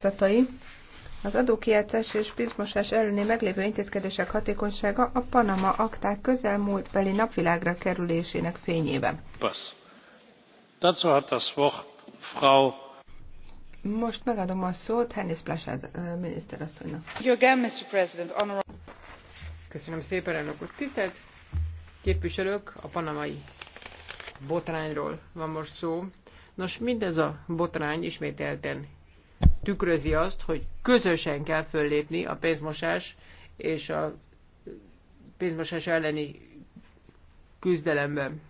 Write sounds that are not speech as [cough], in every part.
kockázatai, az adókijátszás és pénzmosás elleni meglévő intézkedések hatékonysága a Panama akták közelmúltbeli napvilágra kerülésének fényében. most megadom a szót Hennis Plasad miniszterasszonynak. Köszönöm szépen, elnök úr. Tisztelt képviselők, a panamai botrányról van most szó. Nos, mindez a botrány ismételten tükrözi azt, hogy közösen kell föllépni a pénzmosás és a pénzmosás elleni küzdelemben.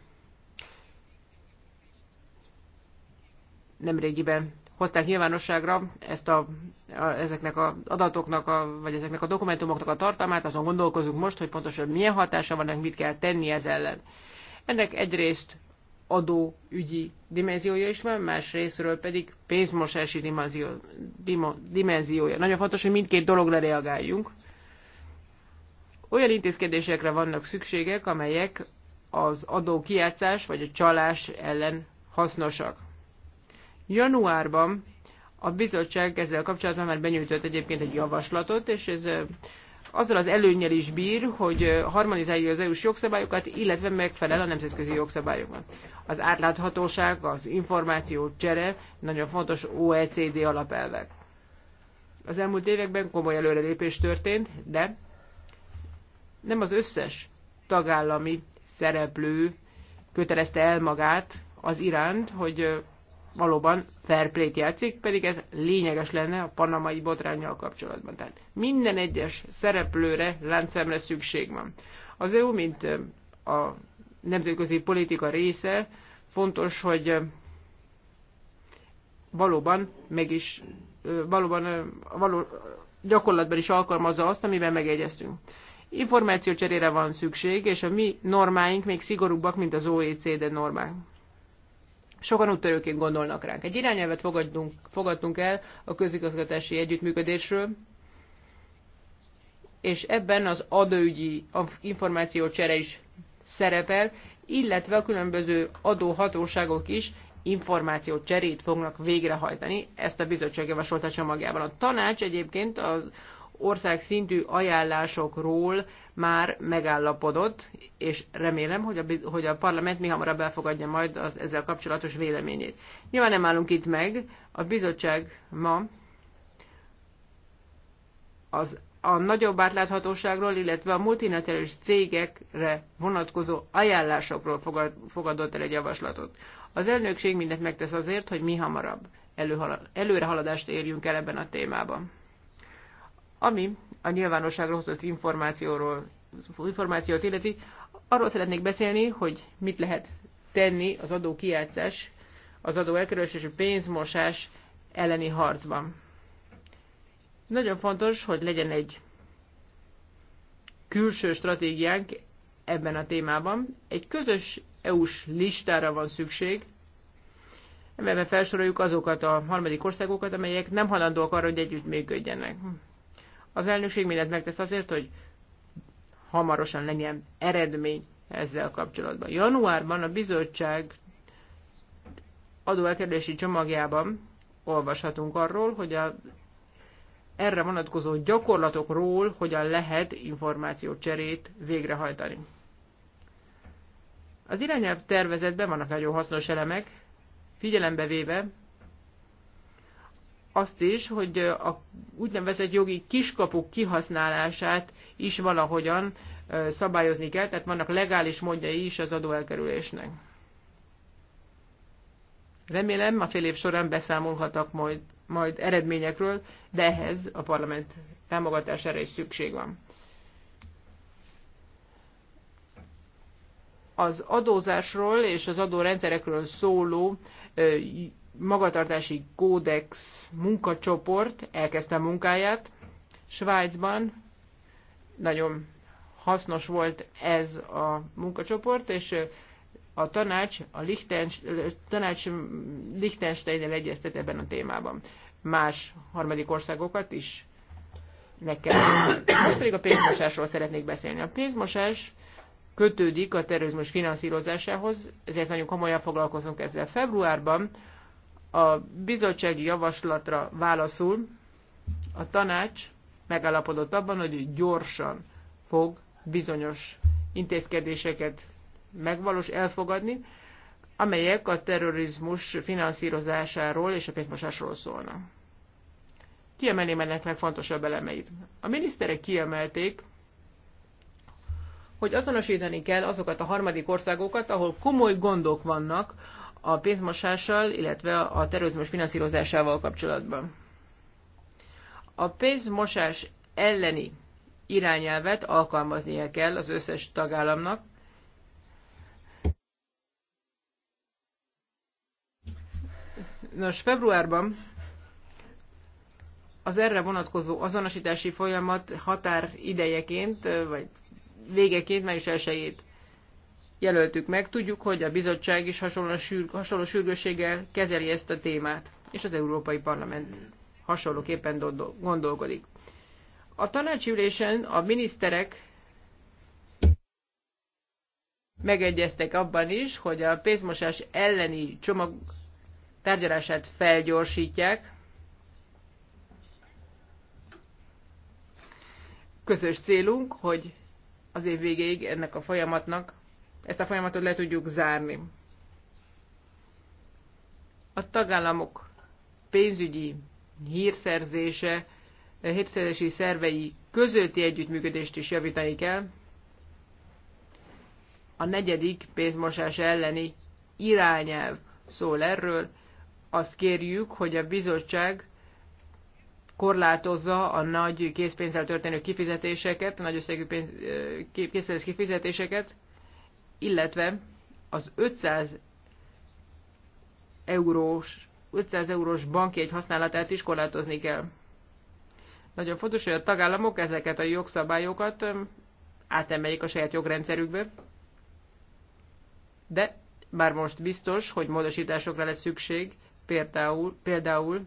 Nemrégiben hozták nyilvánosságra ezt a, a, ezeknek az adatoknak, a, vagy ezeknek a dokumentumoknak a tartalmát, azon gondolkozunk most, hogy pontosan milyen hatása van, mit kell tenni ez ellen. Ennek egyrészt adóügyi dimenziója is van, más részről pedig pénzmosási dimenzió, dimenziója. Nagyon fontos, hogy mindkét dologra reagáljunk. Olyan intézkedésekre vannak szükségek, amelyek az adó kiátszás vagy a csalás ellen hasznosak. Januárban a bizottság ezzel kapcsolatban már benyújtott egyébként egy javaslatot, és ez azzal az előnyel is bír, hogy harmonizálja az EU-s jogszabályokat, illetve megfelel a nemzetközi jogszabályoknak. Az átláthatóság, az információ csere nagyon fontos OECD alapelvek. Az elmúlt években komoly előrelépés történt, de nem az összes tagállami szereplő kötelezte el magát az iránt, hogy valóban fair play játszik, pedig ez lényeges lenne a panamai botrányjal kapcsolatban. Tehát minden egyes szereplőre, láncemre szükség van. Az EU, mint a nemzetközi politika része, fontos, hogy valóban meg is, valóban való, gyakorlatban is alkalmazza azt, amiben megegyeztünk. Információcserére van szükség, és a mi normáink még szigorúbbak, mint az OECD normák sokan úttörőként gondolnak ránk. Egy irányelvet fogadtunk, fogadtunk el a közigazgatási együttműködésről, és ebben az adóügyi információcsere is szerepel, illetve a különböző adóhatóságok is információ cserét fognak végrehajtani. Ezt a bizottság javasolta csomagjában. A tanács egyébként az ország szintű ajánlásokról már megállapodott, és remélem, hogy a, hogy a parlament mi hamarabb elfogadja majd az ezzel kapcsolatos véleményét. Nyilván nem állunk itt meg, a bizottság ma az, a nagyobb átláthatóságról, illetve a multinacionális cégekre vonatkozó ajánlásokról fogad, fogadott el egy javaslatot. Az elnökség mindent megtesz azért, hogy mi hamarabb előre haladást érjünk el ebben a témában. Ami a nyilvánosságra hozott információról, információt illeti, arról szeretnék beszélni, hogy mit lehet tenni az adó kijátszás, az adó elkerülés és a pénzmosás elleni harcban. Nagyon fontos, hogy legyen egy külső stratégiánk ebben a témában. Egy közös EU-s listára van szükség, ebben felsoroljuk azokat a harmadik országokat, amelyek nem halandóak arra, hogy együtt működjenek. Az elnökség mindent megtesz azért, hogy hamarosan legyen eredmény ezzel kapcsolatban. Januárban a bizottság adóelkerülési csomagjában olvashatunk arról, hogy a erre vonatkozó gyakorlatokról hogyan lehet cserét végrehajtani. Az irányelv tervezetben vannak nagyon hasznos elemek, figyelembe véve azt is, hogy a úgynevezett jogi kiskapuk kihasználását is valahogyan szabályozni kell, tehát vannak legális módjai is az adóelkerülésnek. Remélem a fél év során beszámolhatok majd, majd eredményekről, de ehhez a parlament támogatására is szükség van. Az adózásról és az adórendszerekről szóló magatartási kódex munkacsoport elkezdte a munkáját Svájcban. Nagyon hasznos volt ez a munkacsoport, és a tanács, a Lichtens, tanács Lichtensteinnel egyeztet ebben a témában. Más harmadik országokat is meg kell. Most pedig a pénzmosásról szeretnék beszélni. A pénzmosás kötődik a terrorizmus finanszírozásához, ezért nagyon komolyan foglalkozunk ezzel. Februárban a bizottsági javaslatra válaszul a tanács megállapodott abban, hogy gyorsan fog bizonyos intézkedéseket megvalós elfogadni, amelyek a terrorizmus finanszírozásáról és a pénzmosásról szólnak. Kiemelném ennek legfontosabb elemeit. A miniszterek kiemelték, hogy azonosítani kell azokat a harmadik országokat, ahol komoly gondok vannak a pénzmosással, illetve a terrorizmus finanszírozásával kapcsolatban. A pénzmosás elleni irányelvet alkalmaznia kell az összes tagállamnak, Nos, februárban az erre vonatkozó azonosítási folyamat határidejeként, vagy végeként május 1 jelöltük meg. Tudjuk, hogy a bizottság is hasonló, sürg, hasonló sürgősséggel kezeli ezt a témát, és az Európai Parlament hasonlóképpen gondolkodik. A tanácsi ülésen a miniszterek megegyeztek abban is, hogy a pénzmosás elleni csomag tárgyalását felgyorsítják. Közös célunk, hogy az év végéig ennek a folyamatnak ezt a folyamatot le tudjuk zárni. A tagállamok pénzügyi hírszerzése, hírszerzési szervei közötti együttműködést is javítani kell. A negyedik pénzmosás elleni irányelv szól erről. Azt kérjük, hogy a bizottság korlátozza a nagy készpénzzel történő kifizetéseket, a nagy összegű pénz, készpénz kifizetéseket, illetve az 500 eurós, 500 eurós bankjegy használatát is korlátozni kell. Nagyon fontos, hogy a tagállamok ezeket a jogszabályokat átemeljék a saját jogrendszerükbe, de bár most biztos, hogy módosításokra lesz szükség, például, például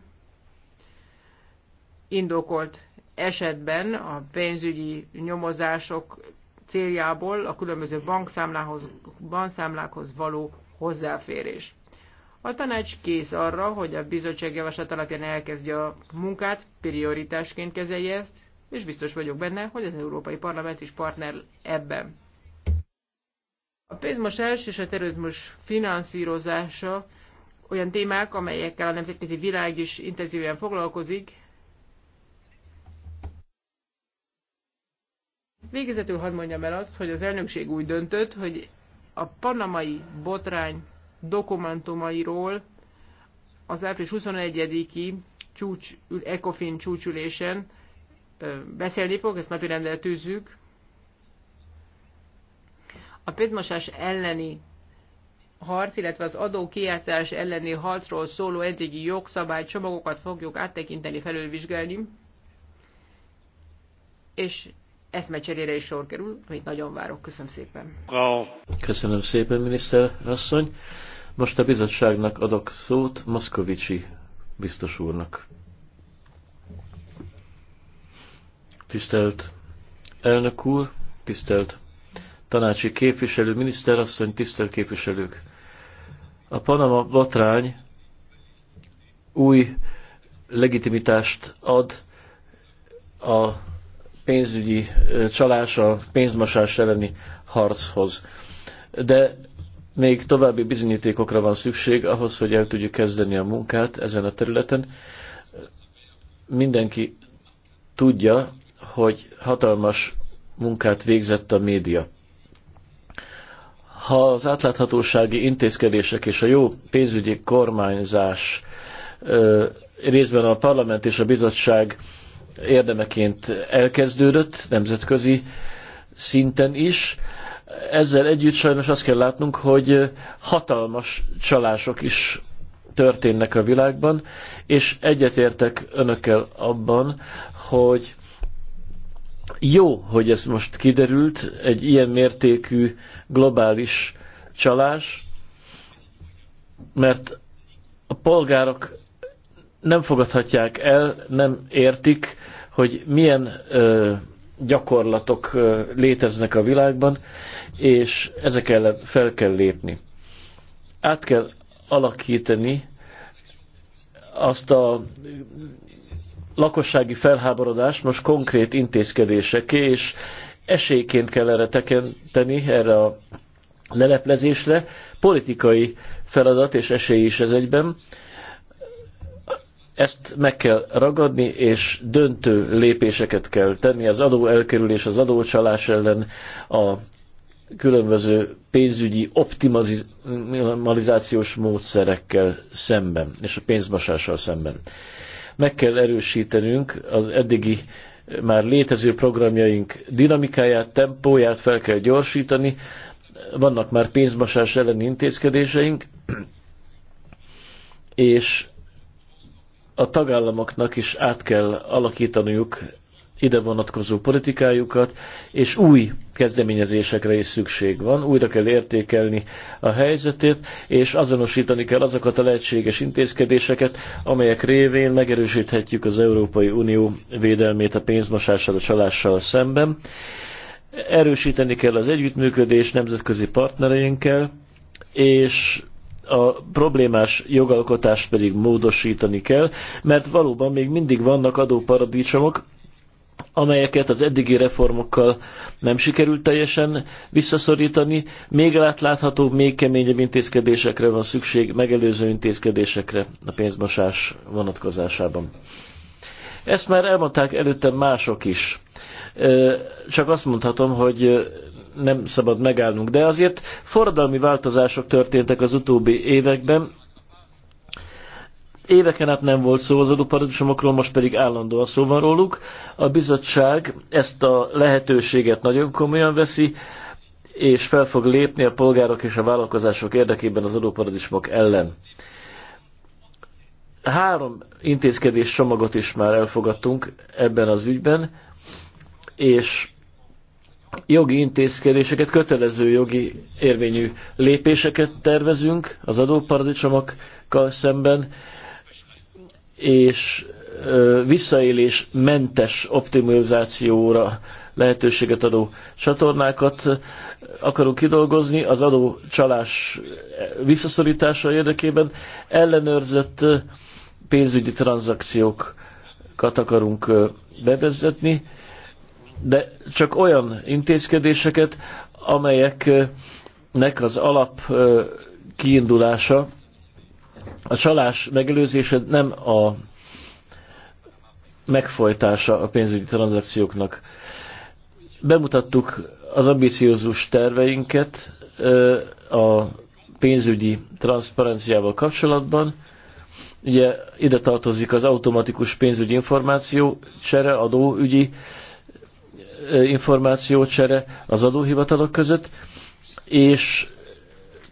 indokolt esetben a pénzügyi nyomozások céljából a különböző bankszámlához, bankszámlákhoz való hozzáférés. A tanács kész arra, hogy a bizottság javaslat alapján elkezdje a munkát, prioritásként kezelje ezt, és biztos vagyok benne, hogy az Európai Parlament is partner ebben. A pénzmosás és a terrorizmus finanszírozása olyan témák, amelyekkel a nemzetközi világ is intenzíven foglalkozik, Végezetül hadd mondjam el azt, hogy az elnökség úgy döntött, hogy a panamai botrány dokumentumairól az április 21-i csúcs, ECOFIN csúcsülésen beszélni fog, ezt napirendre tűzzük. A pétmosás elleni harc, illetve az kiátszás elleni harcról szóló eddigi csomagokat fogjuk áttekinteni, felülvizsgálni, és eszmecserére is sor kerül, amit nagyon várok. Köszönöm szépen. Köszönöm szépen, miniszter asszony. Most a bizottságnak adok szót Moszkovicsi biztos úrnak. Tisztelt elnök úr, tisztelt tanácsi képviselő, miniszterasszony, tisztelt képviselők. A Panama botrány új legitimitást ad a pénzügyi csalás, a pénzmosás elleni harchoz. De még további bizonyítékokra van szükség ahhoz, hogy el tudjuk kezdeni a munkát ezen a területen. Mindenki tudja, hogy hatalmas munkát végzett a média. Ha az átláthatósági intézkedések és a jó pénzügyi kormányzás részben a parlament és a bizottság érdemeként elkezdődött nemzetközi szinten is. Ezzel együtt sajnos azt kell látnunk, hogy hatalmas csalások is történnek a világban, és egyetértek önökkel abban, hogy jó, hogy ez most kiderült, egy ilyen mértékű globális csalás, mert a polgárok nem fogadhatják el, nem értik, hogy milyen ö, gyakorlatok ö, léteznek a világban, és ezek ellen fel kell lépni. Át kell alakítani azt a lakossági felháborodást most konkrét intézkedéseké, és esélyként kell erre tekinteni, erre a leleplezésre. Politikai feladat és esély is ez egyben ezt meg kell ragadni, és döntő lépéseket kell tenni az adó elkerülés, az adócsalás ellen, a különböző pénzügyi optimalizációs módszerekkel szemben, és a pénzmosással szemben. Meg kell erősítenünk az eddigi már létező programjaink dinamikáját, tempóját fel kell gyorsítani, vannak már pénzmosás elleni intézkedéseink, és a tagállamoknak is át kell alakítaniuk ide vonatkozó politikájukat, és új kezdeményezésekre is szükség van, újra kell értékelni a helyzetét, és azonosítani kell azokat a lehetséges intézkedéseket, amelyek révén megerősíthetjük az Európai Unió védelmét a pénzmosással, a csalással szemben. Erősíteni kell az együttműködés nemzetközi partnereinkkel, és a problémás jogalkotást pedig módosítani kell, mert valóban még mindig vannak adóparadicsomok, amelyeket az eddigi reformokkal nem sikerült teljesen visszaszorítani. Még látható, még keményebb intézkedésekre van szükség, megelőző intézkedésekre a pénzmosás vonatkozásában. Ezt már elmondták előttem mások is. Csak azt mondhatom, hogy nem szabad megállnunk. De azért forradalmi változások történtek az utóbbi években. Éveken át nem volt szó az adóparadicsomokról, most pedig állandóan szó van róluk. A bizottság ezt a lehetőséget nagyon komolyan veszi, és fel fog lépni a polgárok és a vállalkozások érdekében az adóparadicsomok ellen. Három intézkedés csomagot is már elfogadtunk ebben az ügyben, és jogi intézkedéseket, kötelező jogi érvényű lépéseket tervezünk az adóparadicsomokkal szemben, és visszaélés mentes optimizációra lehetőséget adó csatornákat akarunk kidolgozni az adócsalás visszaszorítása érdekében. Ellenőrzött pénzügyi tranzakciókat akarunk bevezetni, de csak olyan intézkedéseket, amelyeknek az alap kiindulása a csalás megelőzése nem a megfojtása a pénzügyi tranzakcióknak. Bemutattuk az ambiciózus terveinket a pénzügyi transzparenciával kapcsolatban. Ugye ide tartozik az automatikus pénzügyi információ, csere, adóügyi, információcsere az adóhivatalok között, és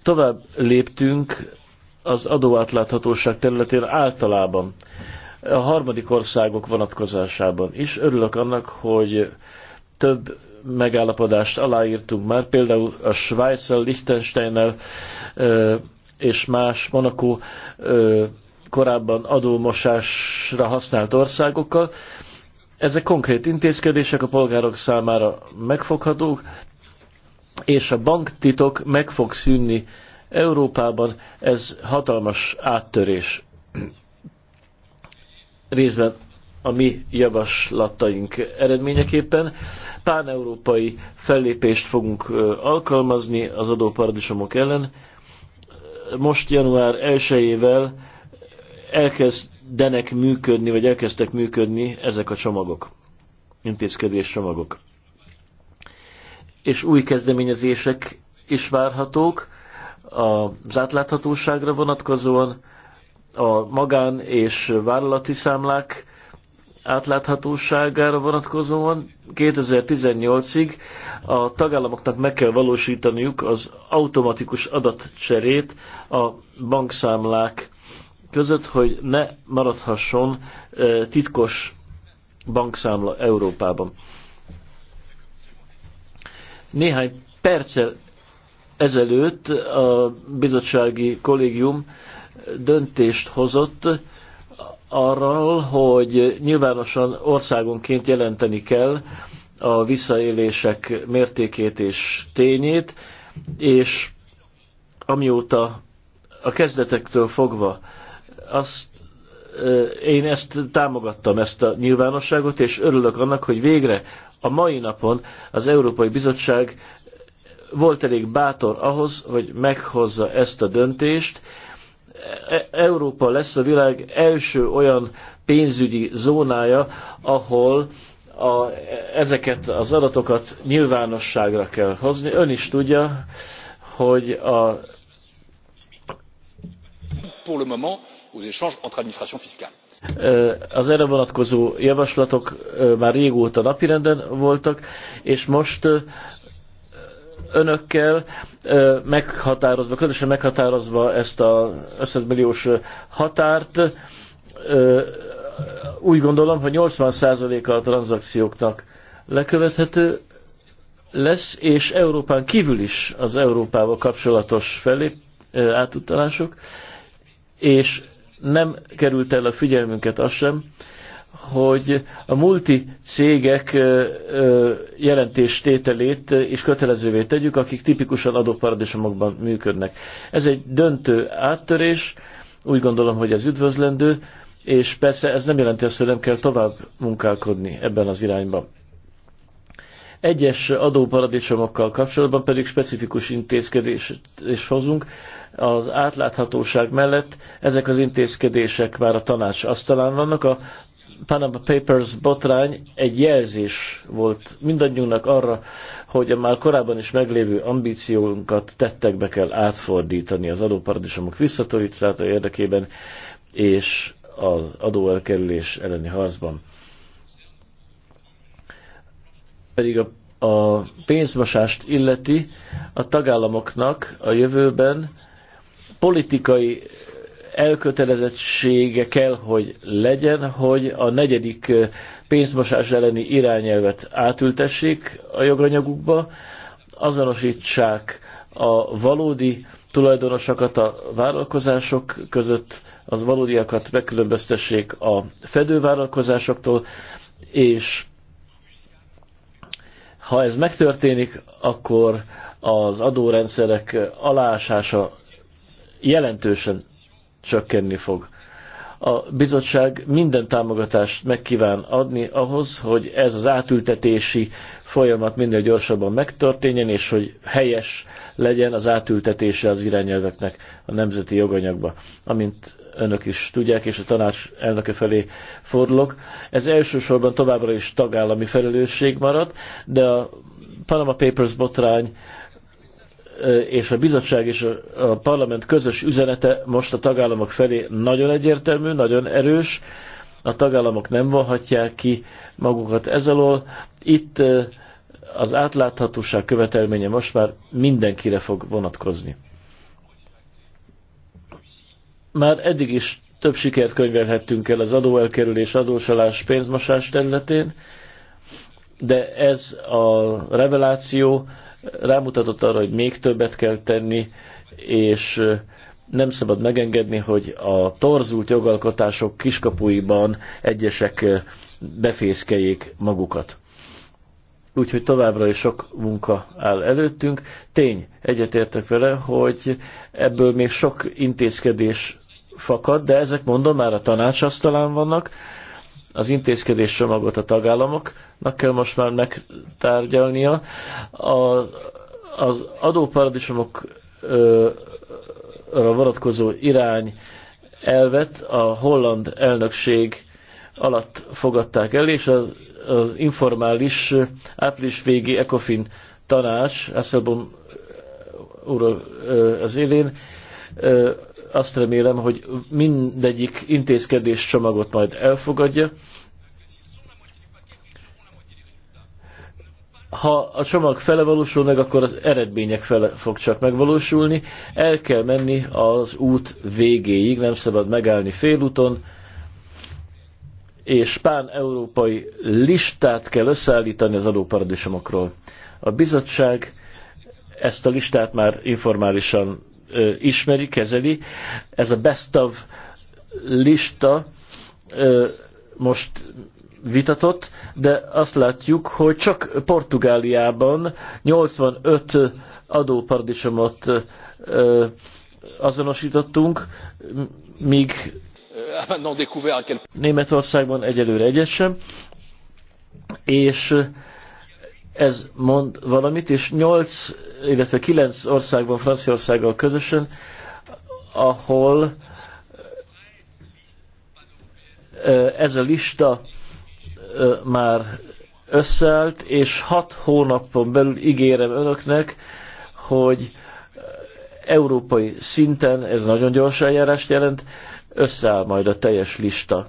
tovább léptünk az adóátláthatóság területén általában, a harmadik országok vonatkozásában is. Örülök annak, hogy több megállapodást aláírtunk már, például a Svájccal, Liechtensteinnel és más Monaco korábban adómosásra használt országokkal, ezek konkrét intézkedések a polgárok számára megfoghatók, és a banktitok meg fog szűnni Európában. Ez hatalmas áttörés. Részben a mi javaslataink eredményeképpen. Pán-európai fellépést fogunk alkalmazni az adóparadicsomok ellen. Most január 1-ével elkezdenek működni, vagy elkezdtek működni ezek a csomagok, intézkedés csomagok. És új kezdeményezések is várhatók az átláthatóságra vonatkozóan, a magán és vállalati számlák átláthatóságára vonatkozóan 2018-ig a tagállamoknak meg kell valósítaniuk az automatikus adatcserét a bankszámlák között, hogy ne maradhasson titkos bankszámla Európában. Néhány perccel ezelőtt a bizottsági kollégium döntést hozott arról, hogy nyilvánosan országonként jelenteni kell a visszaélések mértékét és tényét, és amióta a kezdetektől fogva azt én ezt támogattam, ezt a nyilvánosságot, és örülök annak, hogy végre a mai napon az Európai Bizottság volt elég bátor ahhoz, hogy meghozza ezt a döntést. E-, Európa lesz a világ első olyan pénzügyi zónája, ahol a, ezeket az adatokat nyilvánosságra kell hozni. Ön is tudja, hogy a. Pour le moment, aux échanges entre administrations fiscales. Az erre vonatkozó javaslatok már régóta napirenden voltak, és most önökkel meghatározva, közösen meghatározva ezt a 500 milliós határt, úgy gondolom, hogy 80%-a a tranzakcióknak lekövethető lesz, és Európán kívül is az Európával kapcsolatos felé átutalások, és nem került el a figyelmünket az sem, hogy a multi cégek jelentéstételét is kötelezővé tegyük, akik tipikusan adóparadisomokban működnek. Ez egy döntő áttörés, úgy gondolom, hogy ez üdvözlendő, és persze ez nem jelenti azt, hogy nem kell tovább munkálkodni ebben az irányban. Egyes adóparadicsomokkal kapcsolatban pedig specifikus intézkedést is hozunk. Az átláthatóság mellett ezek az intézkedések már a tanács asztalán vannak. A Panama Papers botrány egy jelzés volt mindannyiunknak arra, hogy a már korábban is meglévő ambíciónkat tettekbe kell átfordítani az adóparadicsomok visszatorítása érdekében és az adóelkerülés elleni harcban pedig a, a pénzmosást illeti, a tagállamoknak a jövőben politikai elkötelezettsége kell, hogy legyen, hogy a negyedik pénzmosás elleni irányelvet átültessék a joganyagukba, azonosítsák a valódi tulajdonosokat a vállalkozások között, az valódiakat megkülönböztessék a fedővállalkozásoktól, és ha ez megtörténik, akkor az adórendszerek alásása jelentősen csökkenni fog a bizottság minden támogatást megkíván adni ahhoz, hogy ez az átültetési folyamat minél gyorsabban megtörténjen, és hogy helyes legyen az átültetése az irányelveknek a nemzeti joganyagba, amint önök is tudják, és a tanács elnöke felé fordulok. Ez elsősorban továbbra is tagállami felelősség maradt, de a Panama Papers botrány és a bizottság és a parlament közös üzenete most a tagállamok felé nagyon egyértelmű, nagyon erős. A tagállamok nem vonhatják ki magukat ez alól. Itt az átláthatóság követelménye most már mindenkire fog vonatkozni. Már eddig is több sikert könyvelhettünk el az adóelkerülés, adósalás, pénzmosás területén, de ez a reveláció rámutatott arra, hogy még többet kell tenni, és nem szabad megengedni, hogy a torzult jogalkotások kiskapuiban egyesek befészkeljék magukat. Úgyhogy továbbra is sok munka áll előttünk. Tény, egyetértek vele, hogy ebből még sok intézkedés fakad, de ezek mondom már a tanácsasztalán vannak, az intézkedés csomagot a tagállamoknak kell most már megtárgyalnia. A, az adóparadicsomokra vonatkozó irány elvet a holland elnökség alatt fogadták el, és az, az informális április végi ECOFIN tanács, Eszelbom úr az élén, azt remélem, hogy mindegyik intézkedés csomagot majd elfogadja. Ha a csomag fele valósul meg, akkor az eredmények fele fog csak megvalósulni. El kell menni az út végéig, nem szabad megállni félúton, és pán-európai listát kell összeállítani az adóparadicsomokról. A bizottság ezt a listát már informálisan ismeri, kezeli. Ez a best of lista most vitatott, de azt látjuk, hogy csak Portugáliában 85 adóparadicsomot azonosítottunk, míg Németországban egyelőre egyet sem, és ez mond valamit, és 8, illetve 9 országban, Franciaországgal közösen, ahol ez a lista már összeállt, és hat hónapon belül ígérem önöknek, hogy európai szinten, ez nagyon gyors eljárást jelent, összeáll majd a teljes lista.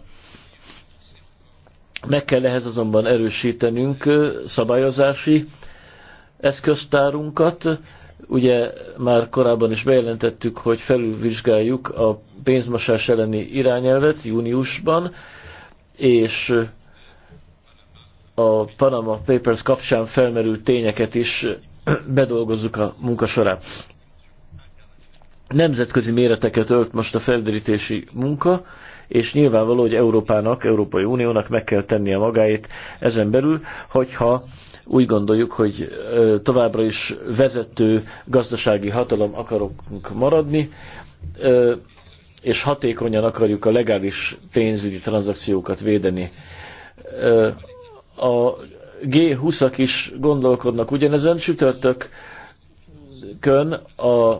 Meg kell ehhez azonban erősítenünk szabályozási eszköztárunkat. Ugye már korábban is bejelentettük, hogy felülvizsgáljuk a pénzmosás elleni irányelvet júniusban, és a Panama Papers kapcsán felmerült tényeket is [clears throat] bedolgozzuk a munka során. Nemzetközi méreteket ölt most a felderítési munka, és nyilvánvaló, hogy Európának, Európai Uniónak meg kell tennie a magáét ezen belül, hogyha úgy gondoljuk, hogy továbbra is vezető gazdasági hatalom akarunk maradni, és hatékonyan akarjuk a legális pénzügyi tranzakciókat védeni. A G20-ak is gondolkodnak ugyanezen csütörtökön a,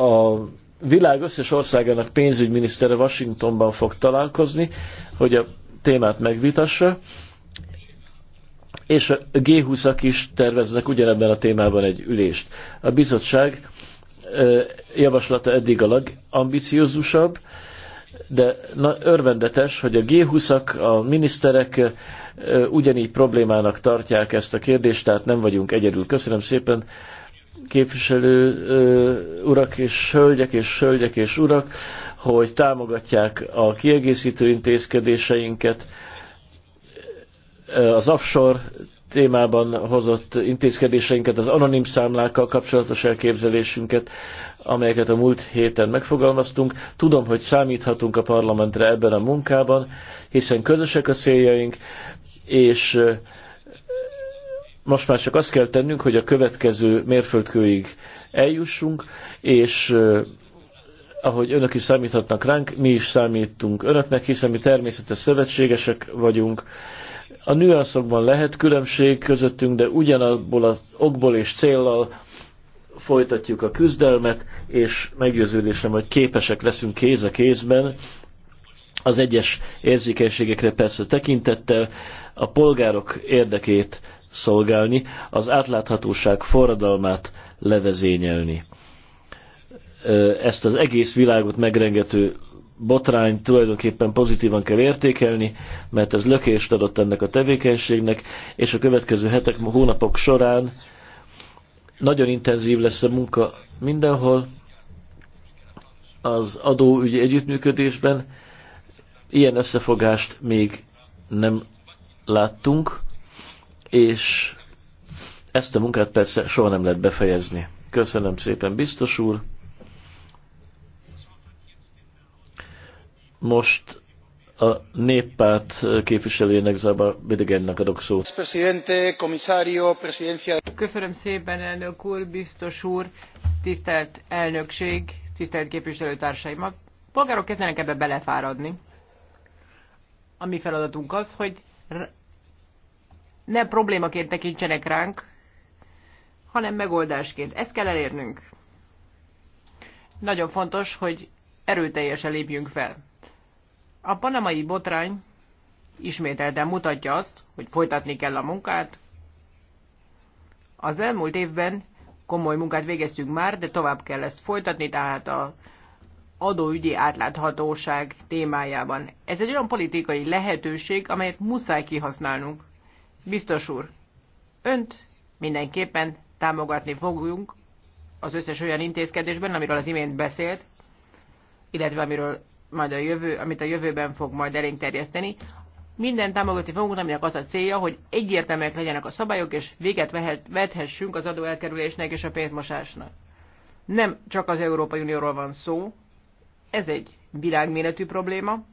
a világ összes országának pénzügyminisztere Washingtonban fog találkozni, hogy a témát megvitassa, és a G20-ak is terveznek ugyanebben a témában egy ülést. A bizottság javaslata eddig a legambiciózusabb, de na, örvendetes, hogy a G20-ak, a miniszterek ugyanígy problémának tartják ezt a kérdést, tehát nem vagyunk egyedül. Köszönöm szépen képviselő urak és hölgyek és hölgyek és urak, hogy támogatják a kiegészítő intézkedéseinket, az offshore témában hozott intézkedéseinket, az anonim számlákkal kapcsolatos elképzelésünket, amelyeket a múlt héten megfogalmaztunk. Tudom, hogy számíthatunk a parlamentre ebben a munkában, hiszen közösek a céljaink, és most már csak azt kell tennünk, hogy a következő mérföldkőig eljussunk, és ahogy önök is számíthatnak ránk, mi is számítunk önöknek, hiszen mi természetes szövetségesek vagyunk. A nüanszokban lehet különbség közöttünk, de ugyanabból az okból és céllal folytatjuk a küzdelmet, és meggyőződésem, hogy képesek leszünk kéz a kézben, az egyes érzékenységekre persze tekintettel, a polgárok érdekét szolgálni, az átláthatóság forradalmát levezényelni. Ezt az egész világot megrengető botrány tulajdonképpen pozitívan kell értékelni, mert ez lökést adott ennek a tevékenységnek, és a következő hetek, hónapok során nagyon intenzív lesz a munka mindenhol, az adóügyi együttműködésben. Ilyen összefogást még nem láttunk és ezt a munkát persze soha nem lehet befejezni. Köszönöm szépen, biztos úr. Most a néppárt képviselőjének Zaba Bidegennek adok szó. Köszönöm szépen, elnök úr, biztos úr, tisztelt elnökség, tisztelt képviselőtársaim. A polgárok kezdenek ebbe belefáradni. A mi feladatunk az, hogy ne problémaként tekintsenek ránk, hanem megoldásként. Ezt kell elérnünk. Nagyon fontos, hogy erőteljesen lépjünk fel. A panamai botrány ismételten mutatja azt, hogy folytatni kell a munkát. Az elmúlt évben komoly munkát végeztünk már, de tovább kell ezt folytatni, tehát a adóügyi átláthatóság témájában. Ez egy olyan politikai lehetőség, amelyet muszáj kihasználnunk. Biztos úr, önt mindenképpen támogatni fogunk az összes olyan intézkedésben, amiről az imént beszélt, illetve amiről majd a jövő, amit a jövőben fog majd elénk terjeszteni. Minden támogatni fogunk, aminek az a célja, hogy egyértelműek legyenek a szabályok, és véget vehet, vethessünk az adóelkerülésnek és a pénzmosásnak. Nem csak az Európai Unióról van szó, ez egy világméretű probléma.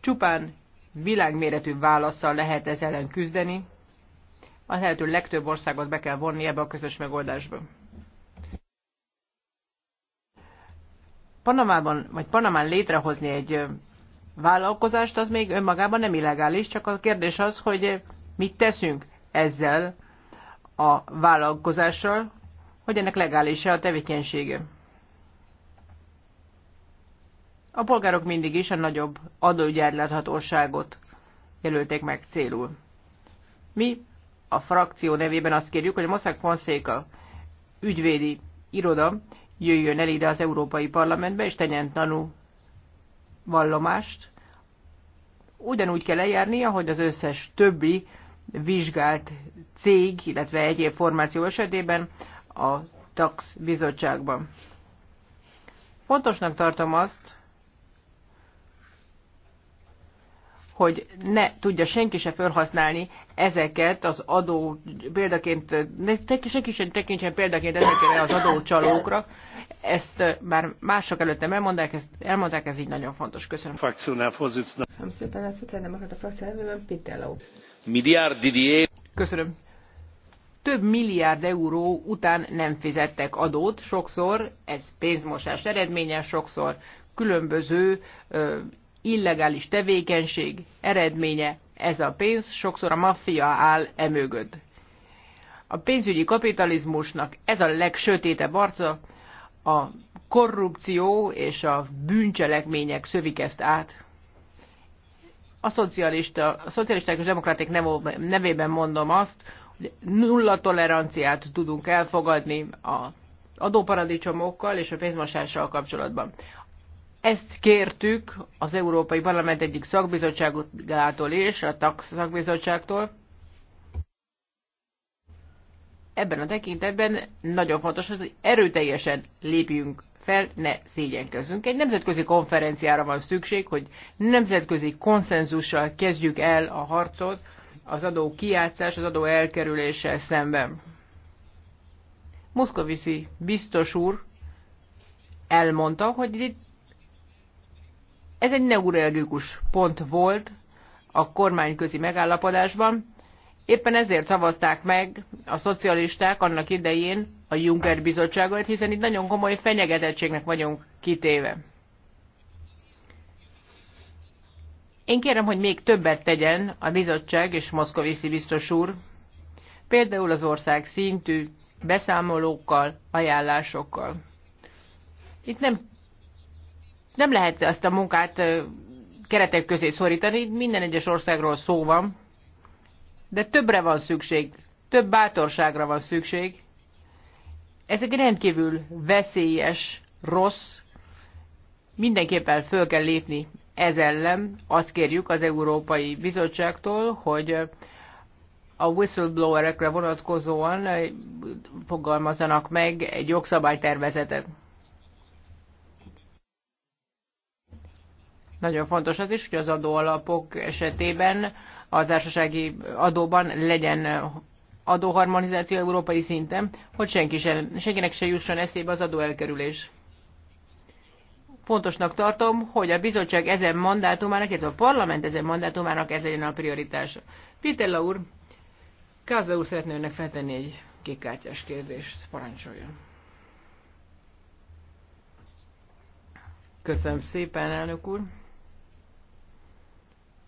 Csupán világméretű válaszsal lehet ez ellen küzdeni. A lehető legtöbb országot be kell vonni ebbe a közös megoldásba. Panamában, vagy Panamán létrehozni egy vállalkozást, az még önmagában nem illegális, csak a kérdés az, hogy mit teszünk ezzel a vállalkozással, hogy ennek legális-e a tevékenysége. A polgárok mindig is a nagyobb adógyárláthatóságot jelölték meg célul. Mi a frakció nevében azt kérjük, hogy a Mossack Fonseca ügyvédi iroda jöjjön el ide az Európai Parlamentbe, és tegyen tanú vallomást. Ugyanúgy kell eljárni, ahogy az összes többi vizsgált cég, illetve egyéb formáció esetében a TAX bizottságban. Fontosnak tartom azt, hogy ne tudja senki se felhasználni ezeket az adó példaként, ne, senki sem tekintsen példaként ezekre az adócsalókra. Ezt eh, már mások előttem elmondták, ezt, elmondták, ez így nagyon fontos. Köszönöm. Frakciónál fozicna. Köszönöm szépen, a szociáldemokrata frakció nevében Pitello. Milliárd dié. Köszönöm. Több milliárd euró után nem fizettek adót, sokszor ez pénzmosás eredménye, sokszor különböző ö, illegális tevékenység eredménye ez a pénz, sokszor a maffia áll emögött. A pénzügyi kapitalizmusnak ez a legsötétebb arca, a korrupció és a bűncselekmények szövik ezt át. A, szocialista, a szocialisták és demokraták nevében mondom azt, hogy nulla toleranciát tudunk elfogadni a adóparadicsomokkal és a pénzmosással kapcsolatban. Ezt kértük az Európai Parlament egyik szakbizottságától és a TAX szakbizottságtól. Ebben a tekintetben nagyon fontos, hogy erőteljesen lépjünk fel, ne szégyenkezzünk. Egy nemzetközi konferenciára van szükség, hogy nemzetközi konszenzussal kezdjük el a harcot az adó kiátszás, az adó elkerüléssel szemben. Moszkoviszi biztos úr elmondta, hogy itt ez egy neuralgikus pont volt a kormányközi megállapodásban, Éppen ezért szavazták meg a szocialisták annak idején a Juncker bizottságot, hiszen itt nagyon komoly fenyegetettségnek vagyunk kitéve. Én kérem, hogy még többet tegyen a bizottság és Moszkoviszi biztos úr, például az ország szintű beszámolókkal, ajánlásokkal. Itt nem nem lehet ezt a munkát keretek közé szorítani, minden egyes országról szó van, de többre van szükség, több bátorságra van szükség. Ez egy rendkívül veszélyes, rossz, mindenképpen föl kell lépni ez ellen. Azt kérjük az Európai Bizottságtól, hogy a whistleblowerekre vonatkozóan fogalmazzanak meg egy jogszabálytervezetet. Nagyon fontos az is, hogy az adóalapok esetében a társasági adóban legyen adóharmonizáció európai szinten, hogy senki se, senkinek se jusson eszébe az adóelkerülés. Fontosnak tartom, hogy a bizottság ezen mandátumának, ez a parlament ezen mandátumának ez legyen a prioritása. Pitella úr, Káza úr szeretné önnek feltenni egy kékkártyás kérdést. Parancsoljon. Köszönöm szépen, elnök úr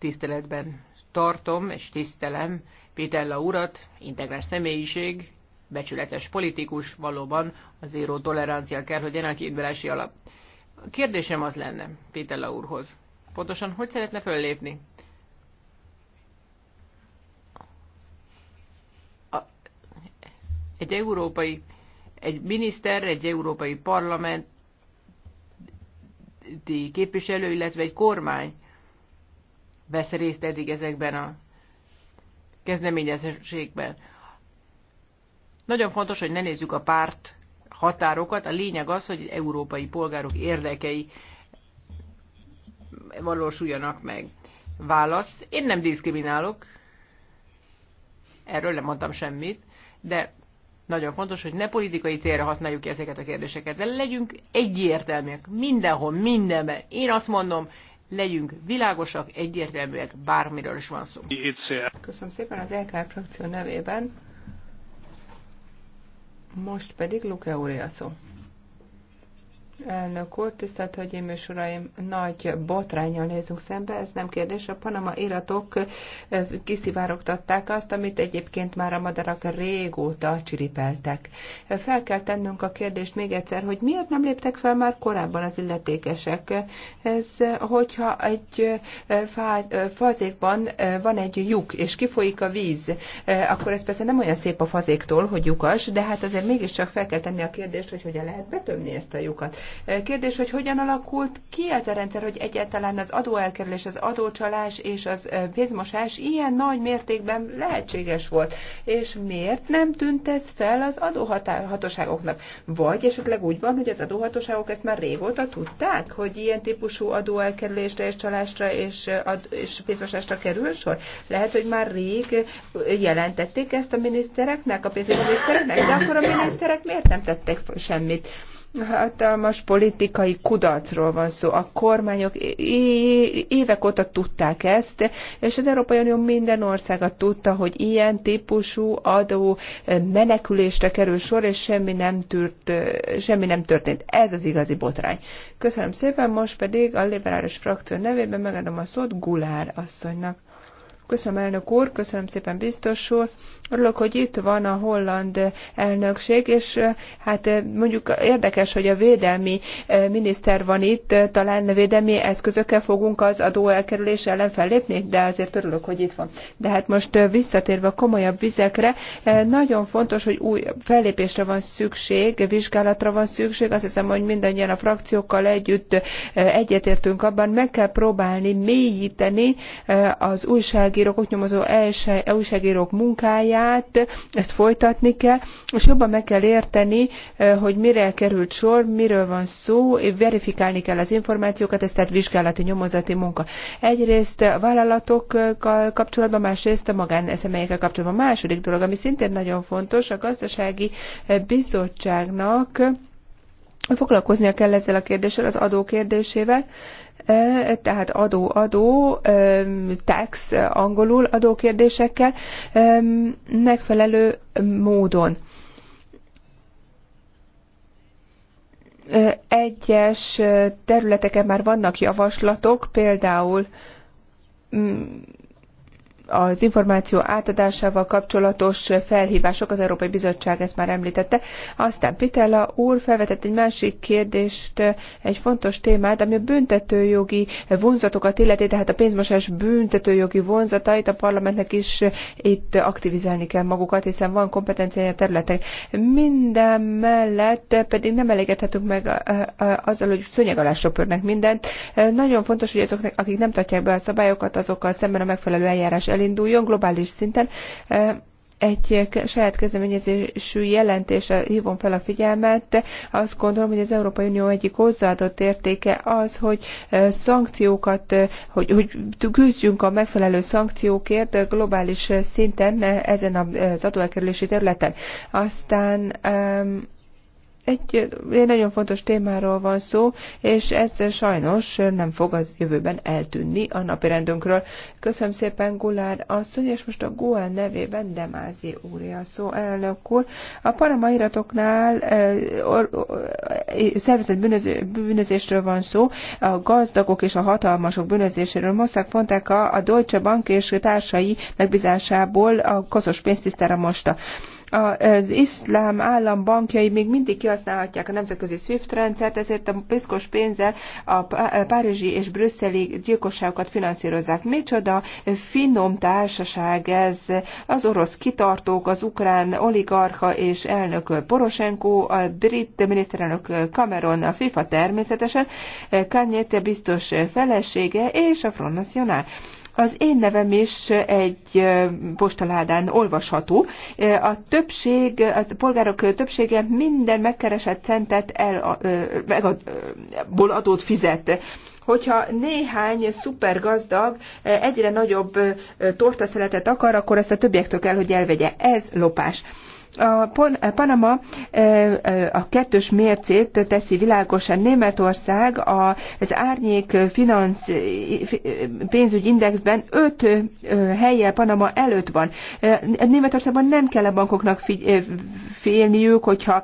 tiszteletben tartom és tisztelem Pitella urat, integrás személyiség, becsületes politikus, valóban a zéró tolerancia kell, hogy ennek kiindulási alap. A kérdésem az lenne Pitella úrhoz. Pontosan hogy szeretne föllépni? A, egy európai, egy miniszter, egy európai parlament képviselő, illetve egy kormány vesz részt eddig ezekben a kezdeményezésekben. Nagyon fontos, hogy ne nézzük a párt határokat. A lényeg az, hogy európai polgárok érdekei valósuljanak meg. Válasz. Én nem diszkriminálok. Erről nem mondtam semmit. De nagyon fontos, hogy ne politikai célra használjuk ki ezeket a kérdéseket, de legyünk egyértelműek mindenhol, mindenben. Én azt mondom, legyünk világosak, egyértelműek, bármiről is van szó. Köszönöm szépen az LK frakció nevében. Most pedig Luke Aurea szó. Elnök úr, tisztelt Hölgyeim és Uraim, nagy botrányjal nézünk szembe, ez nem kérdés. A panama iratok kiszivárogtatták azt, amit egyébként már a madarak régóta csiripeltek. Fel kell tennünk a kérdést még egyszer, hogy miért nem léptek fel már korábban az illetékesek. Ez, hogyha egy fazékban van egy lyuk, és kifolyik a víz, akkor ez persze nem olyan szép a fazéktól, hogy lyukas, de hát azért mégiscsak fel kell tenni a kérdést, hogy hogyan lehet betömni ezt a lyukat Kérdés, hogy hogyan alakult ki ez a rendszer, hogy egyáltalán az adóelkerülés, az adócsalás és az pénzmosás ilyen nagy mértékben lehetséges volt, és miért nem tűnt ez fel az adóhatóságoknak? Vagy esetleg úgy van, hogy az adóhatóságok ezt már régóta tudták, hogy ilyen típusú adóelkerülésre és csalásra és, ad, és pénzmosásra kerül sor? Lehet, hogy már rég jelentették ezt a minisztereknek, a pénzügyminisztereknek, de akkor a miniszterek miért nem tettek semmit? Hatalmas politikai kudarcról van szó. A kormányok évek óta tudták ezt, és az Európai Unió minden országa tudta, hogy ilyen típusú adó eh, menekülésre kerül sor, és semmi nem, tűrt, eh, semmi nem történt. Ez az igazi botrány. Köszönöm szépen, most pedig a liberális frakció nevében megadom a szót Gulár asszonynak. Köszönöm, elnök úr, köszönöm szépen, biztos úr. Örülök, hogy itt van a holland elnökség, és hát mondjuk érdekes, hogy a védelmi miniszter van itt, talán védelmi eszközökkel fogunk az adóelkerülés ellen fellépni, de azért örülök, hogy itt van. De hát most visszatérve a komolyabb vizekre, nagyon fontos, hogy új fellépésre van szükség, vizsgálatra van szükség, azt hiszem, hogy mindannyian a frakciókkal együtt egyetértünk abban, meg kell próbálni mélyíteni az újságírók, oknyomozó újságírók munkáját, munkát, ezt folytatni kell, és jobban meg kell érteni, hogy mire került sor, miről van szó, verifikálni kell az információkat, ez tehát vizsgálati, nyomozati munka. Egyrészt a vállalatokkal kapcsolatban, másrészt a magánszemélyekkel kapcsolatban. A második dolog, ami szintén nagyon fontos, a gazdasági bizottságnak foglalkoznia kell ezzel a kérdéssel, az adó kérdésével, E, tehát adó, adó, e, tax angolul adókérdésekkel e, megfelelő módon. Egyes területeken már vannak javaslatok, például az információ átadásával kapcsolatos felhívások, az Európai Bizottság ezt már említette. Aztán Pitella úr felvetett egy másik kérdést, egy fontos témát, ami a büntetőjogi vonzatokat illeti, tehát a pénzmosás büntetőjogi vonzatait a parlamentnek is itt aktivizálni kell magukat, hiszen van kompetenciája a területek. Minden mellett pedig nem elégedhetünk meg azzal, hogy szőnyeg alá söpörnek mindent. Nagyon fontos, hogy azoknak, akik nem tartják be a szabályokat, azokkal szemben a megfelelő eljárás elég elinduljon globális szinten. Egy saját kezdeményezésű jelentésre hívom fel a figyelmet. Azt gondolom, hogy az Európai Unió egyik hozzáadott értéke az, hogy szankciókat, hogy, hogy küzdjünk a megfelelő szankciókért globális szinten ezen az adóelkerülési területen. Aztán egy, egy nagyon fontos témáról van szó, és ez sajnos nem fog az jövőben eltűnni a rendünkről. Köszönöm szépen Gulár asszony, és most a Guel nevében Demázi úrja szó elnök úr. A panama iratoknál szervezett bűnözésről van szó, a gazdagok és a hatalmasok bűnözéséről. Mossack Fonteca a Deutsche Bank és társai megbízásából a koszos pénztisztára mosta az iszlám állam bankjai még mindig kihasználhatják a nemzetközi SWIFT rendszert, ezért a piszkos pénzzel a párizsi és brüsszeli gyilkosságokat finanszírozzák. Micsoda finom társaság ez, az orosz kitartók, az ukrán oligarcha és elnök Poroshenko, a brit miniszterelnök Cameron, a FIFA természetesen, Kanyete biztos felesége és a Front National. Az én nevem is egy postaládán olvasható. A többség, a polgárok többsége minden megkeresett centet el, meg a, ból adót fizet hogyha néhány szupergazdag gazdag egyre nagyobb tortaszeletet akar, akkor ezt a többiektől kell, hogy elvegye. Ez lopás. A Panama a kettős mércét teszi világosan. Németország az árnyék finansz pénzügyindexben öt helye Panama előtt van. Németországban nem kell a bankoknak félniük, hogyha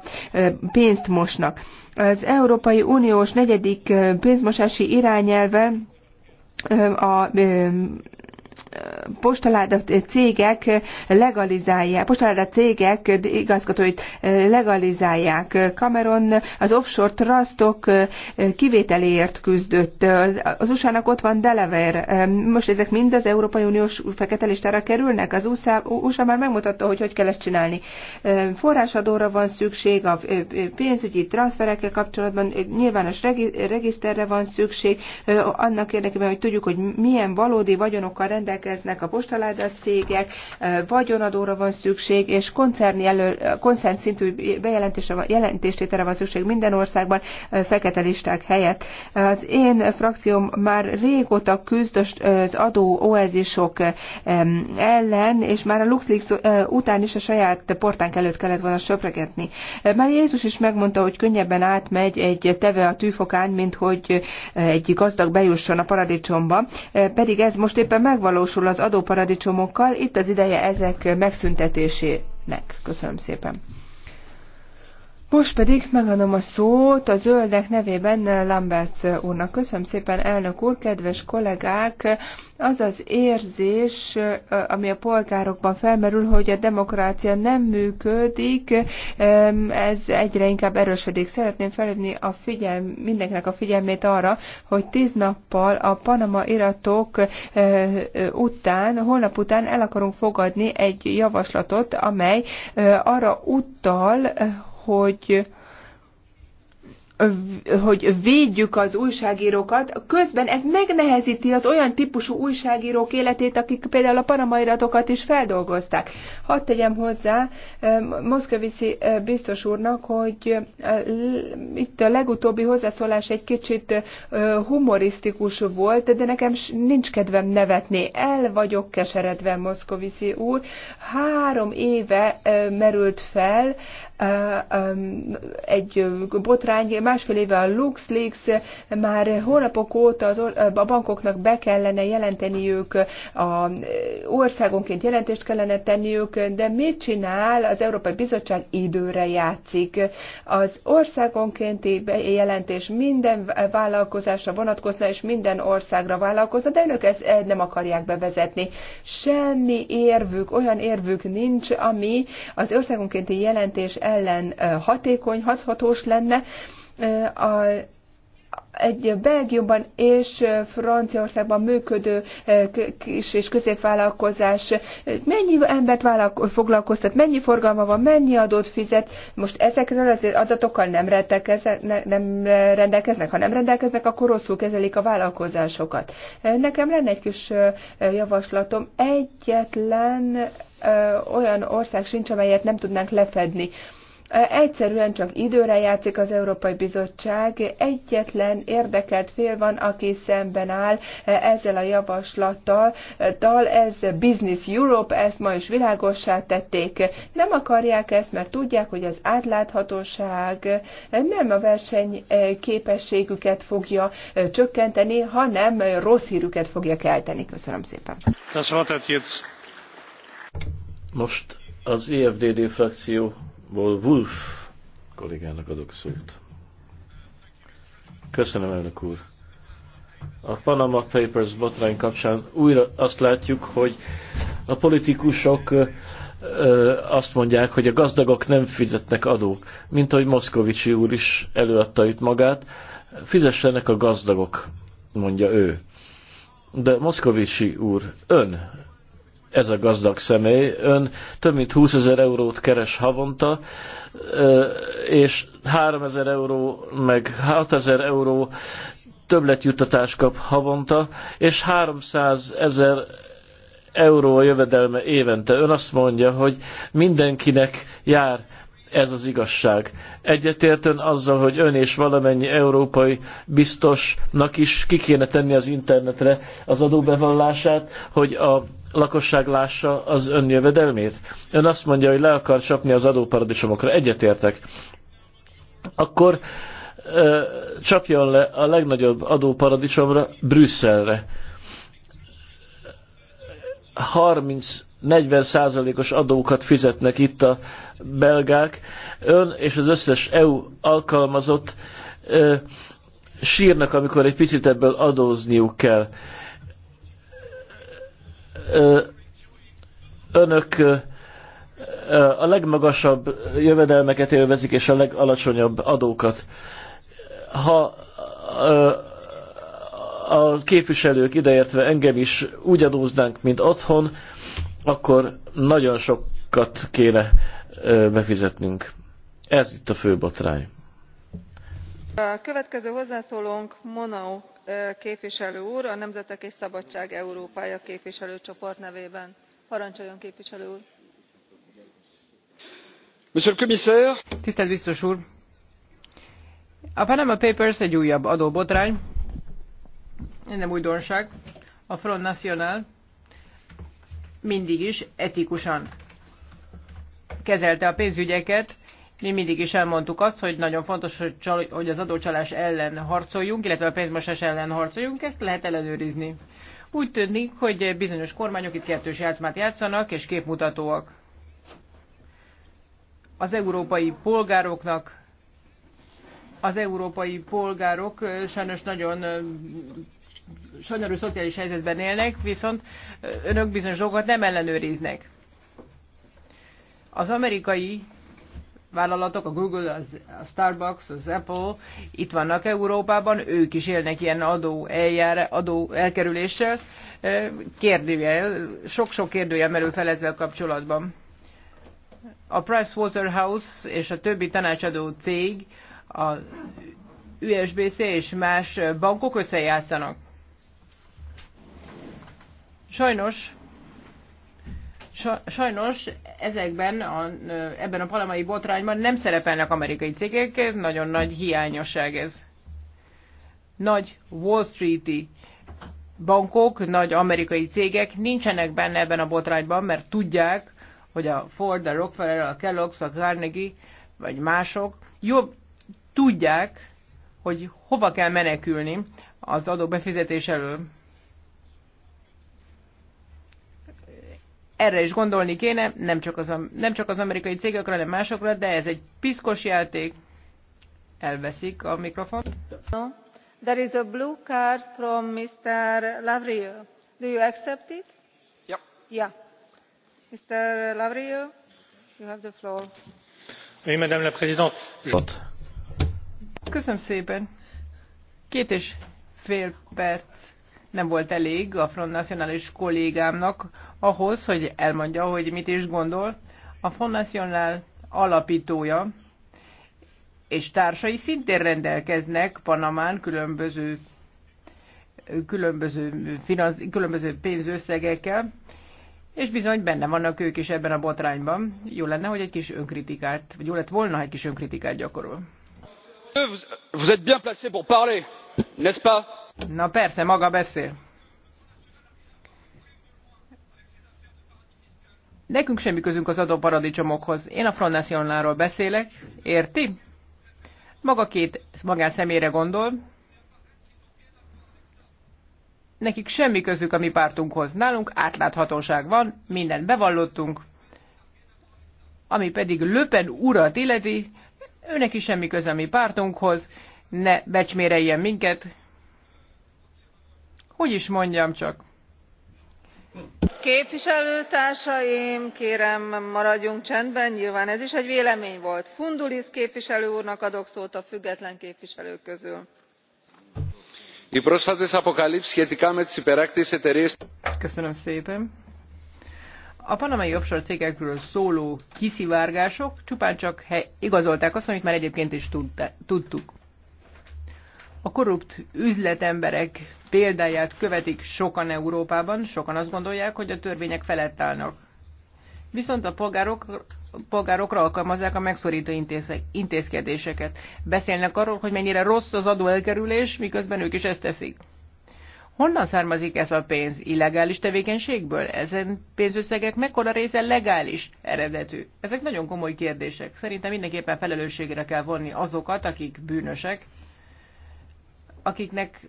pénzt mosnak. Az Európai Uniós negyedik pénzmosási irányelve a postaláda cégek legalizálják, postaláda cégek igazgatóit legalizálják. Cameron az offshore trustok kivételéért küzdött. Az USA-nak ott van Delaware. Most ezek mind az Európai Uniós fekete listára kerülnek. Az USA, USA már megmutatta, hogy hogy kell ezt csinálni. Forrásadóra van szükség, a pénzügyi transferekkel kapcsolatban nyilvános regiszterre van szükség, annak érdekében, hogy tudjuk, hogy milyen valódi vagyonokkal rendelkezik jelentkeznek a postaláda cégek, vagyonadóra van szükség, és koncerni elő, koncern szintű bejelentésre, van szükség minden országban fekete listák helyett. Az én frakcióm már régóta küzd az adó oázisok ellen, és már a LuxLeaks után is a saját portánk előtt kellett volna söpregetni. Már Jézus is megmondta, hogy könnyebben átmegy egy teve a tűfokán, mint hogy egy gazdag bejusson a paradicsomba, pedig ez most éppen megvalósul azonosul az adóparadicsomokkal, itt az ideje ezek megszüntetésének. Köszönöm szépen. Most pedig megadom a szót a zöldek nevében Lambert úrnak. Köszönöm szépen, elnök úr, kedves kollégák! Az az érzés, ami a polgárokban felmerül, hogy a demokrácia nem működik, ez egyre inkább erősödik. Szeretném felhívni a figyelm, mindenkinek a figyelmét arra, hogy tíz nappal a Panama iratok eh, után, holnap után el akarunk fogadni egy javaslatot, amely eh, arra utal, hogy hogy védjük az újságírókat, közben ez megnehezíti az olyan típusú újságírók életét, akik például a paramairatokat is feldolgozták. Hadd tegyem hozzá Moszkviszi biztos úrnak, hogy itt a legutóbbi hozzászólás egy kicsit humorisztikus volt, de nekem nincs kedvem nevetni. El vagyok keseredve, Moszkviszi úr. Három éve merült fel egy botrány, másfél éve a LuxLeaks, már hónapok óta az, a bankoknak be kellene jelenteniük, a e, országonként jelentést kellene tenniük, de mit csinál az Európai Bizottság időre játszik? Az országonkénti jelentés minden vállalkozásra vonatkozna, és minden országra vállalkozna, de önök ezt e, nem akarják bevezetni. Semmi érvük, olyan érvük nincs, ami az országonkénti jelentés ellen e, hatékony, hathatós lenne, a, egy Belgiumban és Franciaországban működő kis és középvállalkozás mennyi embert foglalkoztat, mennyi forgalma van, mennyi adót fizet. Most ezekről az adatokkal nem rendelkeznek, nem rendelkeznek. Ha nem rendelkeznek, akkor rosszul kezelik a vállalkozásokat. Nekem lenne egy kis javaslatom. Egyetlen olyan ország sincs, amelyet nem tudnánk lefedni Egyszerűen csak időre játszik az Európai Bizottság, egyetlen érdekelt fél van, aki szemben áll e, ezzel a javaslattal. E, dal, ez Business Europe, ezt ma is világossá tették. Nem akarják ezt, mert tudják, hogy az átláthatóság e, nem a verseny képességüket fogja csökkenteni, hanem rossz hírüket fogja kelteni. Köszönöm szépen. Most az EFDD frakció Wolf kollégának adok szót. Köszönöm, elnök úr. A Panama Papers botrány kapcsán újra azt látjuk, hogy a politikusok azt mondják, hogy a gazdagok nem fizetnek adók, mint ahogy Moszkovicsi úr is előadta itt magát. Fizessenek a gazdagok, mondja ő. De Moszkovicsi úr, ön ez a gazdag személy. Ön több mint 20 ezer eurót keres havonta, és 3 ezer euró, meg 6 ezer euró többletjuttatást kap havonta, és 300 ezer euró a jövedelme évente. Ön azt mondja, hogy mindenkinek jár ez az igazság. Egyetértően azzal, hogy ön és valamennyi európai biztosnak is ki kéne tenni az internetre az adóbevallását, hogy a lakosság lássa az ön jövedelmét. Ön azt mondja, hogy le akar csapni az adóparadicsomokra. Egyetértek. Akkor ö, csapjon le a legnagyobb adóparadicsomra, Brüsszelre. 30 40%-os adókat fizetnek itt a belgák. Ön és az összes EU alkalmazott ö, sírnak, amikor egy picit ebből adózniuk kell. Ö, önök ö, a legmagasabb jövedelmeket élvezik, és a legalacsonyabb adókat. Ha ö, a képviselők ideértve engem is úgy adóznánk, mint otthon, akkor nagyon sokat kéne befizetnünk. Ez itt a fő botrány. A következő hozzászólónk Monau képviselő úr, a Nemzetek és Szabadság Európája képviselőcsoport nevében. Parancsoljon képviselő úr! Monsieur le commissaire! Tisztelt biztos úr! A Panama Papers egy újabb adóbotrány. Nem újdonság. A Front National mindig is etikusan kezelte a pénzügyeket. Mi mindig is elmondtuk azt, hogy nagyon fontos, hogy, csal- hogy az adócsalás ellen harcoljunk, illetve a pénzmosás ellen harcoljunk, ezt lehet ellenőrizni. Úgy tűnik, hogy bizonyos kormányok itt kettős játszmát játszanak, és képmutatóak. Az európai polgároknak az európai polgárok sajnos nagyon sanyarú szociális helyzetben élnek, viszont önök bizonyos dolgokat nem ellenőriznek. Az amerikai vállalatok, a Google, az, a Starbucks, az Apple itt vannak Európában, ők is élnek ilyen adó, eljár, adó elkerüléssel. Kérdőjel, sok-sok kérdőjel merül fel ezzel kapcsolatban. A Pricewaterhouse és a többi tanácsadó cég, a U.S.B.C. és más bankok összejátszanak. Sajnos, sajnos ezekben a, ebben a panamai botrányban nem szerepelnek amerikai cégek, nagyon nagy hiányosság ez. Nagy Wall Street-i bankok, nagy amerikai cégek nincsenek benne ebben a botrányban, mert tudják, hogy a Ford, a Rockefeller, a Kellogg's, a Carnegie, vagy mások jobb tudják, hogy hova kell menekülni az adó befizetés elől. erre is gondolni kéne, nem csak, az, nem csak az amerikai cégekre, hanem másokra, de ez egy piszkos játék. Elveszik a mikrofon. No. There is a blue card from Mr. Lavrio. Do you accept it? Yep. Yeah. Mr. Lavrio, you have the floor. Oui, Madame la Présidente. Köszönöm szépen. Két és fél perc nem volt elég a Front Nacionalis kollégámnak ahhoz, hogy elmondja, hogy mit is gondol. A Front National alapítója és társai szintén rendelkeznek Panamán különböző, különböző, finansz, különböző pénzösszegekkel, és bizony benne vannak ők is ebben a botrányban. Jó lenne, hogy egy kis önkritikát, vagy jó lett volna, ha egy kis önkritikát gyakorol. Vous êtes bien placé pour parler, n'est-ce pas? Na persze, maga beszél. Nekünk semmi közünk az adóparadicsomokhoz. Én a Front Nationalról beszélek, érti? Maga két magán személyre gondol. Nekik semmi közük a mi pártunkhoz. Nálunk átláthatóság van, mindent bevallottunk. Ami pedig Löpen urat illeti, őnek is semmi köze a mi pártunkhoz. Ne becsméreljen minket, hogy is mondjam csak. Képviselőtársaim, kérem maradjunk csendben, nyilván ez is egy vélemény volt. Fundulis képviselő úrnak adok szót a független képviselők közül. Köszönöm szépen. A panamai offshore cégekről szóló kiszivárgások csupán csak igazolták azt, amit már egyébként is tudtuk. A korrupt üzletemberek példáját követik sokan Európában, sokan azt gondolják, hogy a törvények felett állnak. Viszont a polgárok, polgárokra alkalmazzák a megszorító intéz, intézkedéseket. Beszélnek arról, hogy mennyire rossz az adóelkerülés, miközben ők is ezt teszik. Honnan származik ez a pénz? Illegális tevékenységből? Ezen pénzösszegek mekkora része legális eredetű? Ezek nagyon komoly kérdések. Szerintem mindenképpen felelősségre kell vonni azokat, akik bűnösek, akiknek,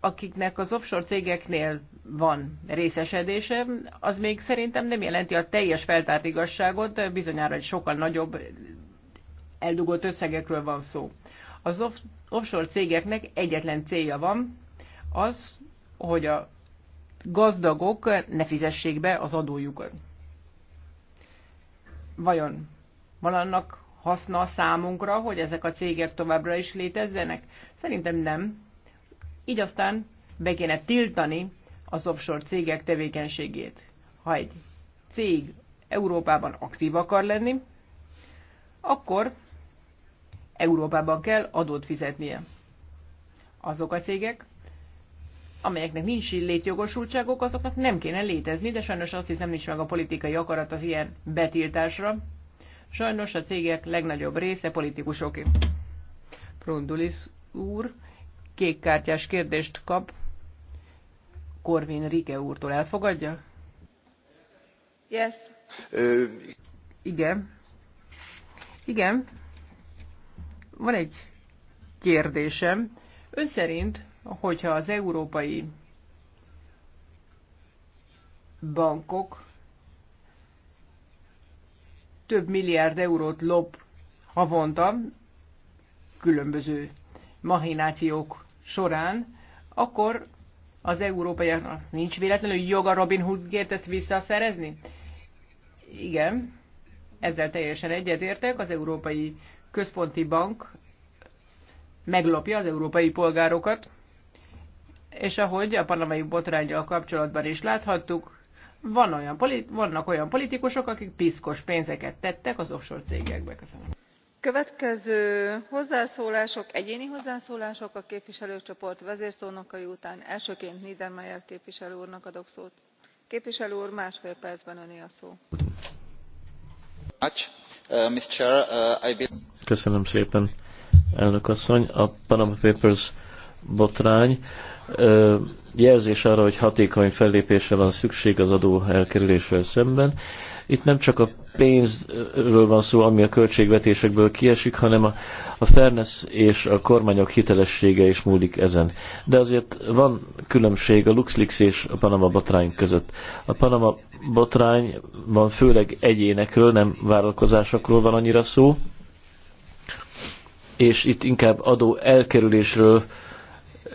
akiknek az offshore cégeknél van részesedése, az még szerintem nem jelenti a teljes feltárt igazságot, bizonyára egy sokkal nagyobb eldugott összegekről van szó. Az off offshore cégeknek egyetlen célja van, az, hogy a gazdagok ne fizessék be az adójukat. Vajon van annak haszna számunkra, hogy ezek a cégek továbbra is létezzenek? Szerintem nem. Így aztán be kéne tiltani az offshore cégek tevékenységét. Ha egy cég Európában aktív akar lenni, akkor Európában kell adót fizetnie. Azok a cégek, amelyeknek nincs létjogosultságok, azoknak nem kéne létezni, de sajnos azt hiszem nincs meg a politikai akarat az ilyen betiltásra. Sajnos a cégek legnagyobb része politikusoké. Prundulis úr kékkártyás kérdést kap. Korvin Rike úrtól elfogadja? Yes. Igen. Igen. Van egy kérdésem. Ön szerint, hogyha az európai bankok több milliárd eurót lop havonta különböző mahinációk során, akkor az európaiaknak nincs véletlenül joga Robin Hoodgért ezt visszaszerezni? Igen, ezzel teljesen egyetértek. Az Európai Központi Bank meglopja az európai polgárokat, és ahogy a panamai botrányjal kapcsolatban is láthattuk, van olyan vannak olyan politikusok, akik piszkos pénzeket tettek az offshore cégekbe. Köszönöm. Következő hozzászólások, egyéni hozzászólások a képviselőcsoport vezérszónokai után. Elsőként Niedermayer képviselő úrnak adok szót. Képviselő úr, másfél percben öné a szó. Uh, uh, Köszönöm szépen, elnök asszony. A Panama Papers botrány jelzés arra, hogy hatékony fellépésre van szükség az adó elkerüléssel szemben. Itt nem csak a pénzről van szó, ami a költségvetésekből kiesik, hanem a, a fairness és a kormányok hitelessége is múlik ezen. De azért van különbség a LuxLeaks és a Panama botrány között. A Panama botrányban főleg egyénekről, nem vállalkozásokról van annyira szó, és itt inkább adó elkerülésről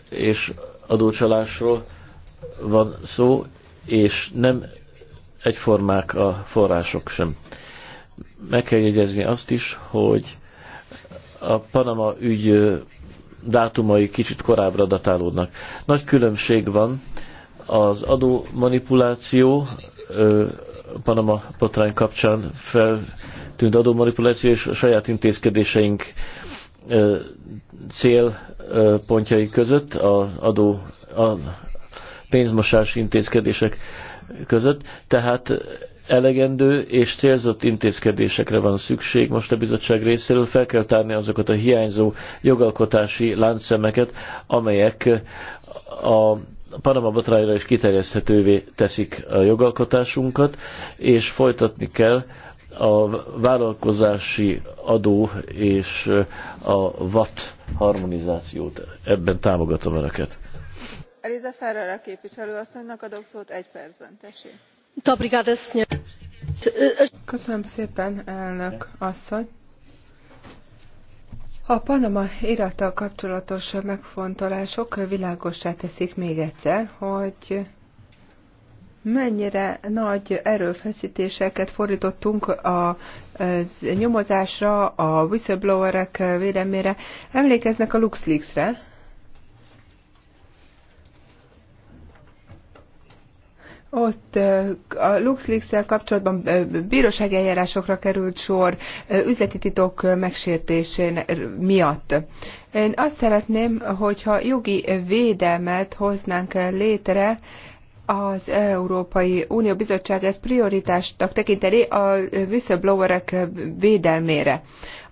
és adócsalásról van szó, és nem egyformák a források sem. Meg kell jegyezni azt is, hogy a Panama ügy dátumai kicsit korábbra datálódnak. Nagy különbség van az adó manipuláció, Panama potrány kapcsán feltűnt manipuláció és a saját intézkedéseink célpontjai között, az adó, a pénzmosás intézkedések között, tehát elegendő és célzott intézkedésekre van szükség most a bizottság részéről. Fel kell tárni azokat a hiányzó jogalkotási láncszemeket, amelyek a Panama botrányra is kiterjeszthetővé teszik a jogalkotásunkat, és folytatni kell a vállalkozási adó és a VAT harmonizációt. Ebben támogatom Önöket. Eliza Ferrer Ferrara képviselőasszonynak adok szót egy percben, tessék. Köszönöm szépen, elnök asszony. A Panama irattal kapcsolatos megfontolások világossá teszik még egyszer, hogy mennyire nagy erőfeszítéseket fordítottunk a nyomozásra, a whistleblowerek védelmére. Emlékeznek a LuxLeaks-re? Ott a LuxLeaks-el kapcsolatban bírósági eljárásokra került sor üzleti titok megsértésén miatt. Én azt szeretném, hogyha jogi védelmet hoznánk létre, az Európai Unió Bizottság ezt prioritásnak tekinteni a whistleblowerek védelmére.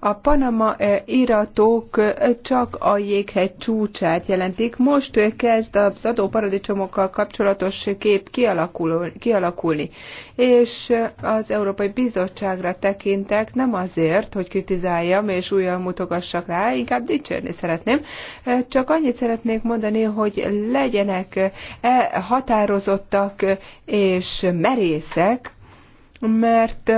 A Panama eh, iratok eh, csak a jéghegy csúcsát jelentik. Most eh, kezd az adóparadicsomokkal kapcsolatos kép kialakulni. És az Európai Bizottságra tekintek nem azért, hogy kritizáljam és újra mutogassak rá, inkább dicsérni szeretném. Csak annyit szeretnék mondani, hogy legyenek határozottak és merészek, mert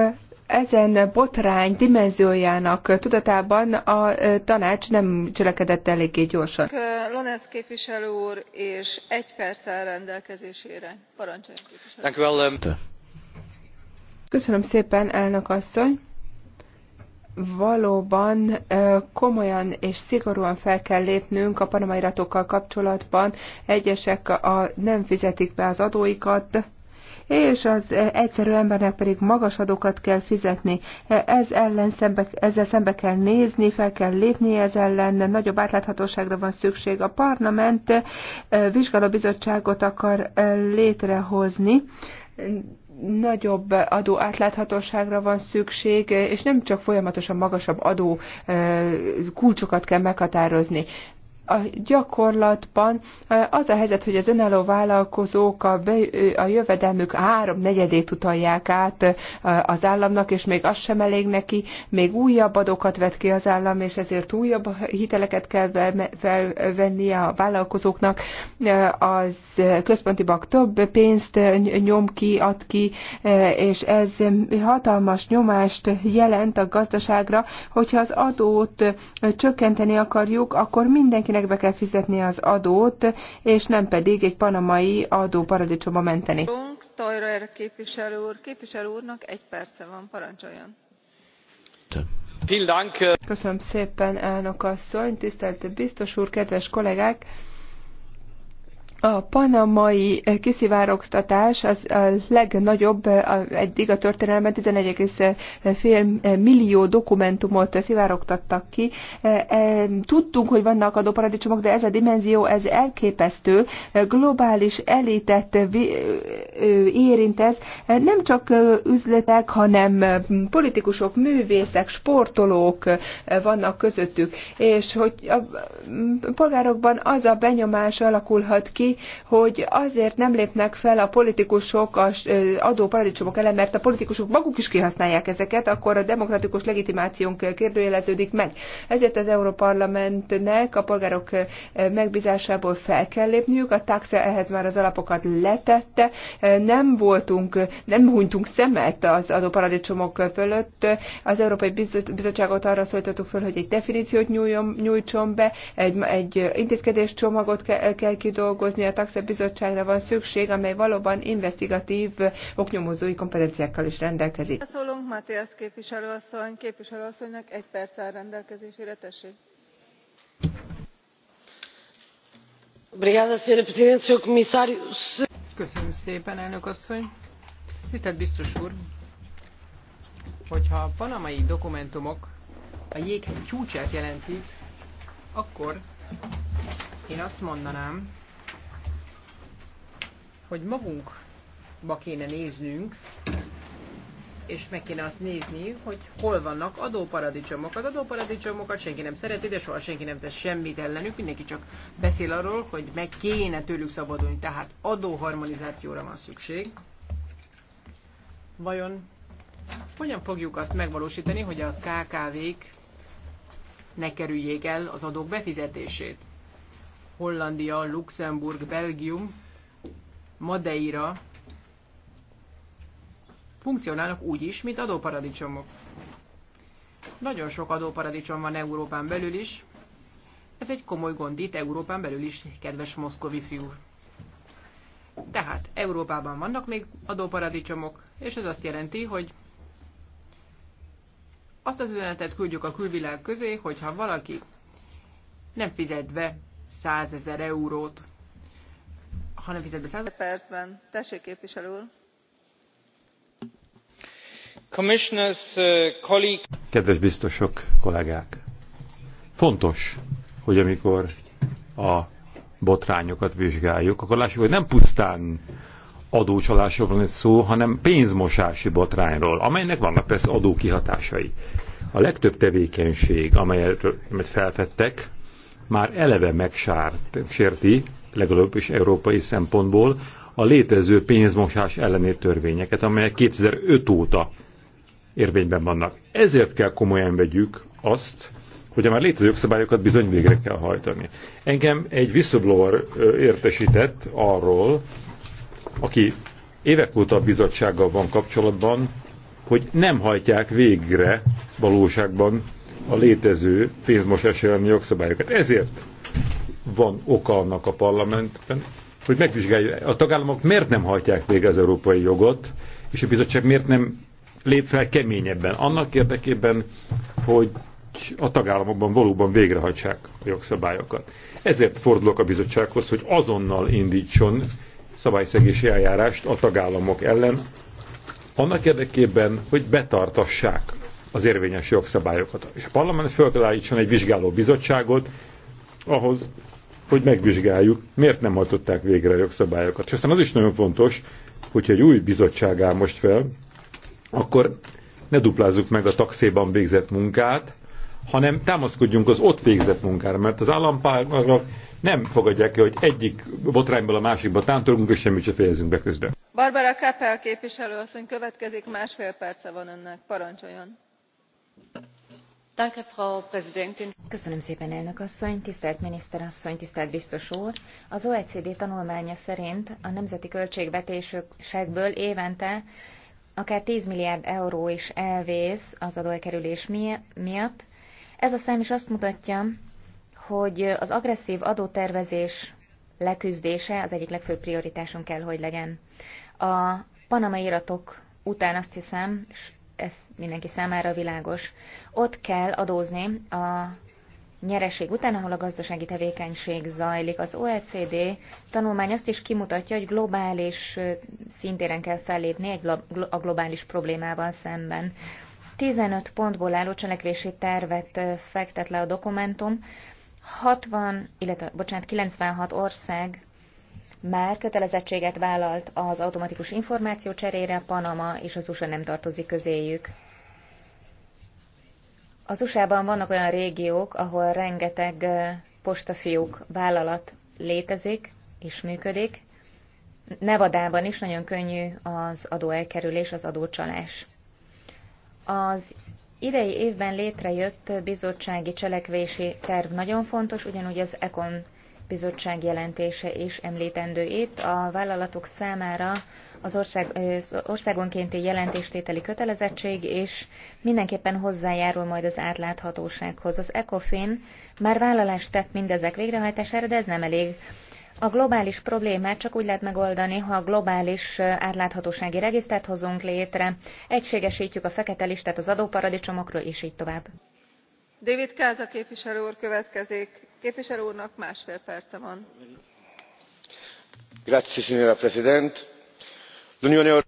ezen botrány dimenziójának tudatában a tanács nem cselekedett eléggé gyorsan. Lanesz képviselő úr, és egy perc áll rendelkezésére. Parancsoljon képviselő. Ehm. Köszönöm szépen, elnök asszony valóban komolyan és szigorúan fel kell lépnünk a panamairatokkal kapcsolatban. Egyesek a, nem fizetik be az adóikat, és az egyszerű embernek pedig magas adókat kell fizetni. E, ez ellen szembe, ezzel szembe kell nézni, fel kell lépni ez ellen, nagyobb átláthatóságra van szükség. A parlament e, vizsgálóbizottságot akar e, létrehozni, nagyobb adó átláthatóságra van szükség, és nem csak folyamatosan magasabb adó kulcsokat kell meghatározni a gyakorlatban az a helyzet, hogy az önálló vállalkozók a, be, a jövedelmük negyedét utalják át az államnak, és még az sem elég neki, még újabb adókat vet ki az állam, és ezért újabb hiteleket kell felvennie a vállalkozóknak. Az központi bank több pénzt nyom ki, ad ki, és ez hatalmas nyomást jelent a gazdaságra, hogyha az adót csökkenteni akarjuk, akkor mindenki mindenkinek be kell fizetni az adót, és nem pedig egy panamai adóparadicsomba menteni. Toyer képviselő úr, képviselő úrnak egy perce van, parancsoljon. Köszönöm szépen, elnök asszony, tisztelt biztos úr, kedves kollégák! A panamai kiszivárogtatás az a legnagyobb eddig a történelemben 11,5 millió dokumentumot szivárogtattak ki. E, e, tudtunk, hogy vannak adóparadicsomok, de ez a dimenzió, ez elképesztő. Globális elitet érint ez. Nem csak üzletek, hanem politikusok, művészek, sportolók vannak közöttük. És hogy a polgárokban az a benyomás alakulhat ki, hogy azért nem lépnek fel a politikusok az adóparadicsomok ellen, mert a politikusok maguk is kihasználják ezeket, akkor a demokratikus legitimációnk kérdőjeleződik meg. Ezért az Európarlamentnek a polgárok megbízásából fel kell lépniük, a taxa ehhez már az alapokat letette, nem voltunk, nem hunytunk szemet az adóparadicsomok fölött. Az Európai Bizottságot arra szólítottuk föl, hogy egy definíciót nyújjon, nyújtson be, egy, egy intézkedéscsomagot kell, kell kidolgozni, olyan bizottságra van szükség, amely valóban investigatív oknyomozói kompetenciákkal is rendelkezik. Szólunk Matthias képviselőasszony, képviselőasszonynak egy perc áll rendelkezésére, tessék. Köszönöm szépen, elnök asszony. Tisztelt biztos úr, hogyha a panamai dokumentumok a jéghegy csúcsát jelentik, akkor én azt mondanám, hogy magunkba kéne néznünk, és meg kéne azt nézni, hogy hol vannak adóparadicsomok. Az adóparadicsomokat senki nem szereti, de soha senki nem tesz semmit ellenük, mindenki csak beszél arról, hogy meg kéne tőlük szabadulni. Tehát adóharmonizációra van szükség. Vajon hogyan fogjuk azt megvalósítani, hogy a KKV-k ne kerüljék el az adók befizetését? Hollandia, Luxemburg, Belgium Madeira funkcionálnak úgy is, mint adóparadicsomok. Nagyon sok adóparadicsom van Európán belül is. Ez egy komoly gond itt Európán belül is, kedves Moszkoviszi úr. Tehát Európában vannak még adóparadicsomok, és ez azt jelenti, hogy azt az üzenetet küldjük a külvilág közé, hogyha valaki nem fizet be 100 ezer eurót Uh, Kedves biztosok, kollégák! Fontos, hogy amikor a botrányokat vizsgáljuk, akkor lássuk, hogy nem pusztán adócsalásról van szó, hanem pénzmosási botrányról, amelynek vannak persze adókihatásai. A legtöbb tevékenység, amelyet felfedtek, már eleve megsérti legalábbis európai szempontból a létező pénzmosás elleni törvényeket, amelyek 2005 óta érvényben vannak. Ezért kell komolyan vegyük azt, hogy a már létező jogszabályokat bizony végre kell hajtani. Engem egy whistleblower értesített arról, aki évek óta a bizottsággal van kapcsolatban, hogy nem hajtják végre valóságban a létező pénzmosás elleni jogszabályokat. Ezért van oka annak a parlamentben, hogy megvizsgálja, a tagállamok miért nem hajtják végre az európai jogot, és a bizottság miért nem lép fel keményebben, annak érdekében, hogy a tagállamokban valóban végrehajtsák a jogszabályokat. Ezért fordulok a bizottsághoz, hogy azonnal indítson szabályszegési eljárást a tagállamok ellen, annak érdekében, hogy betartassák az érvényes jogszabályokat. És a parlament fölállítson egy vizsgáló bizottságot ahhoz, hogy megvizsgáljuk, miért nem hatották végre a jogszabályokat. És aztán az is nagyon fontos, hogyha egy új bizottság áll most fel, akkor ne duplázzuk meg a taxéban végzett munkát, hanem támaszkodjunk az ott végzett munkára, mert az állampárnak nem fogadják el, hogy egyik botrányból a másikba tántorunk, és semmit sem fejezünk be közben. Barbara Kappel képviselő asszony következik, másfél perce van önnek. Parancsoljon! Köszönöm szépen, elnök asszony, tisztelt miniszter asszony, tisztelt biztos úr! Az OECD tanulmánya szerint a nemzeti költségvetésekből évente akár 10 milliárd euró is elvész az adóelkerülés miatt. Ez a szám is azt mutatja, hogy az agresszív adótervezés leküzdése az egyik legfőbb prioritásunk kell, hogy legyen. A panamai iratok után azt hiszem, ez mindenki számára világos. Ott kell adózni a nyereség után, ahol a gazdasági tevékenység zajlik. Az OECD tanulmány azt is kimutatja, hogy globális szintéren kell fellépni egy a globális problémával szemben. 15 pontból álló cselekvési tervet fektet le a dokumentum, 60, illetve, bocsánat, 96 ország már kötelezettséget vállalt az automatikus információ cserére, Panama és az USA nem tartozik közéjük. Az USA-ban vannak olyan régiók, ahol rengeteg postafiók vállalat létezik és működik. Nevadában is nagyon könnyű az adóelkerülés, az adócsalás. Az idei évben létrejött bizottsági cselekvési terv nagyon fontos, ugyanúgy az ECON bizottság jelentése is említendő itt. A vállalatok számára az ország, országonkénti jelentéstételi kötelezettség, és mindenképpen hozzájárul majd az átláthatósághoz. Az ECOFIN már vállalást tett mindezek végrehajtására, de ez nem elég. A globális problémát csak úgy lehet megoldani, ha a globális átláthatósági regisztert hozunk létre, egységesítjük a fekete listát az adóparadicsomokról, és így tovább. David Káza képviselő úr következik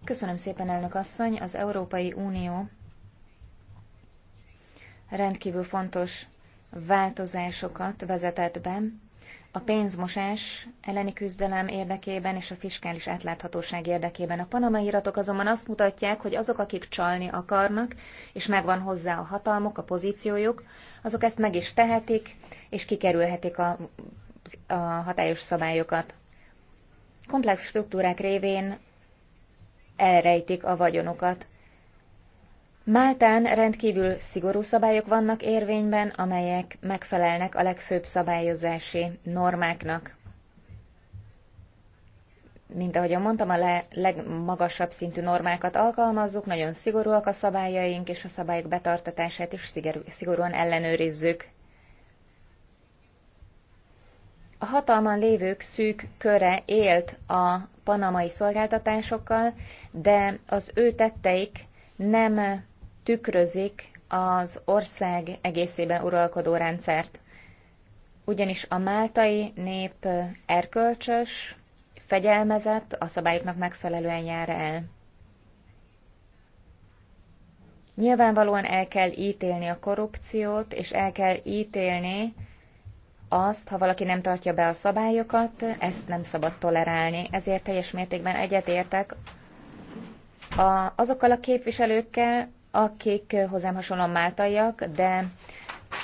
Köszönöm szépen, elnök asszony! Az Európai Unió rendkívül fontos változásokat vezetett be a pénzmosás elleni küzdelem érdekében és a fiskális átláthatóság érdekében. A panamai iratok azonban azt mutatják, hogy azok, akik csalni akarnak, és megvan hozzá a hatalmuk, a pozíciójuk, azok ezt meg is tehetik, és kikerülhetik a, a hatályos szabályokat. Komplex struktúrák révén elrejtik a vagyonokat. Máltán rendkívül szigorú szabályok vannak érvényben, amelyek megfelelnek a legfőbb szabályozási normáknak. Mint ahogyan mondtam, a legmagasabb szintű normákat alkalmazzuk, nagyon szigorúak a szabályaink, és a szabályok betartatását is szigorúan ellenőrizzük. A hatalman lévők szűk köre élt a panamai szolgáltatásokkal, de az ő tetteik nem tükrözik az ország egészében uralkodó rendszert. Ugyanis a máltai nép erkölcsös, fegyelmezett, a szabályoknak megfelelően jár el. Nyilvánvalóan el kell ítélni a korrupciót, és el kell ítélni azt, ha valaki nem tartja be a szabályokat, ezt nem szabad tolerálni. Ezért teljes mértékben egyetértek a, azokkal a képviselőkkel, akik hozzám hasonlóan máltaiak, de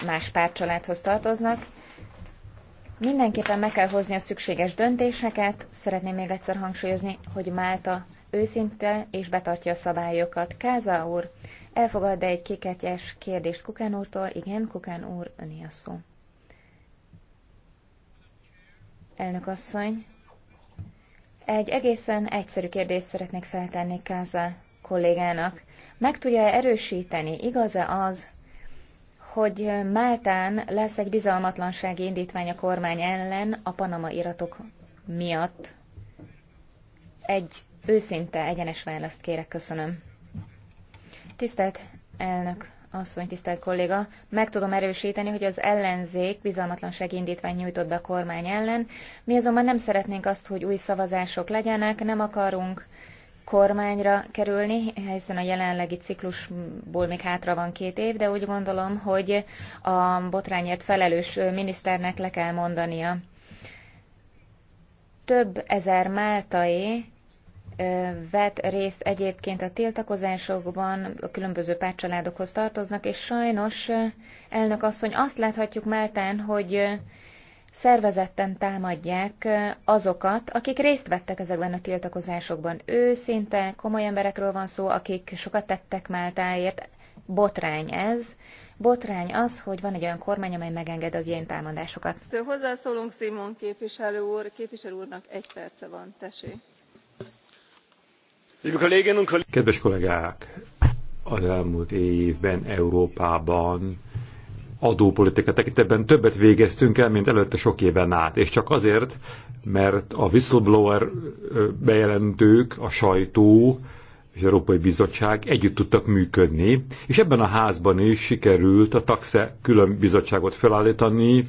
más pártcsaládhoz tartoznak. Mindenképpen meg kell hozni a szükséges döntéseket. Szeretném még egyszer hangsúlyozni, hogy Málta őszinte és betartja a szabályokat. Káza úr, elfogad -e egy kékegyes kérdést Kukán úrtól? Igen, Kukán úr, öné a szó. Elnök asszony, egy egészen egyszerű kérdést szeretnék feltenni Káza kollégának. Meg tudja -e erősíteni, igaz-e az, hogy Máltán lesz egy bizalmatlansági indítvány a kormány ellen a panama iratok miatt? Egy őszinte, egyenes választ kérek, köszönöm. Tisztelt elnök asszony, tisztelt kolléga, meg tudom erősíteni, hogy az ellenzék bizalmatlansági indítvány nyújtott be a kormány ellen. Mi azonban nem szeretnénk azt, hogy új szavazások legyenek, nem akarunk kormányra kerülni, hiszen a jelenlegi ciklusból még hátra van két év, de úgy gondolom, hogy a botrányért felelős miniszternek le kell mondania. Több ezer máltai vett részt egyébként a tiltakozásokban, a különböző pártcsaládokhoz tartoznak, és sajnos elnök asszony azt láthatjuk Máltán, hogy szervezetten támadják azokat, akik részt vettek ezekben a tiltakozásokban. Ő komoly emberekről van szó, akik sokat tettek Máltáért. Botrány ez. Botrány az, hogy van egy olyan kormány, amely megenged az ilyen támadásokat. Hozzászólunk Simon képviselő úr. Képviselő úrnak egy perce van. Tessék. Kedves kollégák! Az elmúlt évben Európában adópolitika tekintetben többet végeztünk el, mint előtte sok éven át. És csak azért, mert a whistleblower bejelentők, a sajtó és az Európai Bizottság együtt tudtak működni, és ebben a házban is sikerült a taxe külön bizottságot felállítani,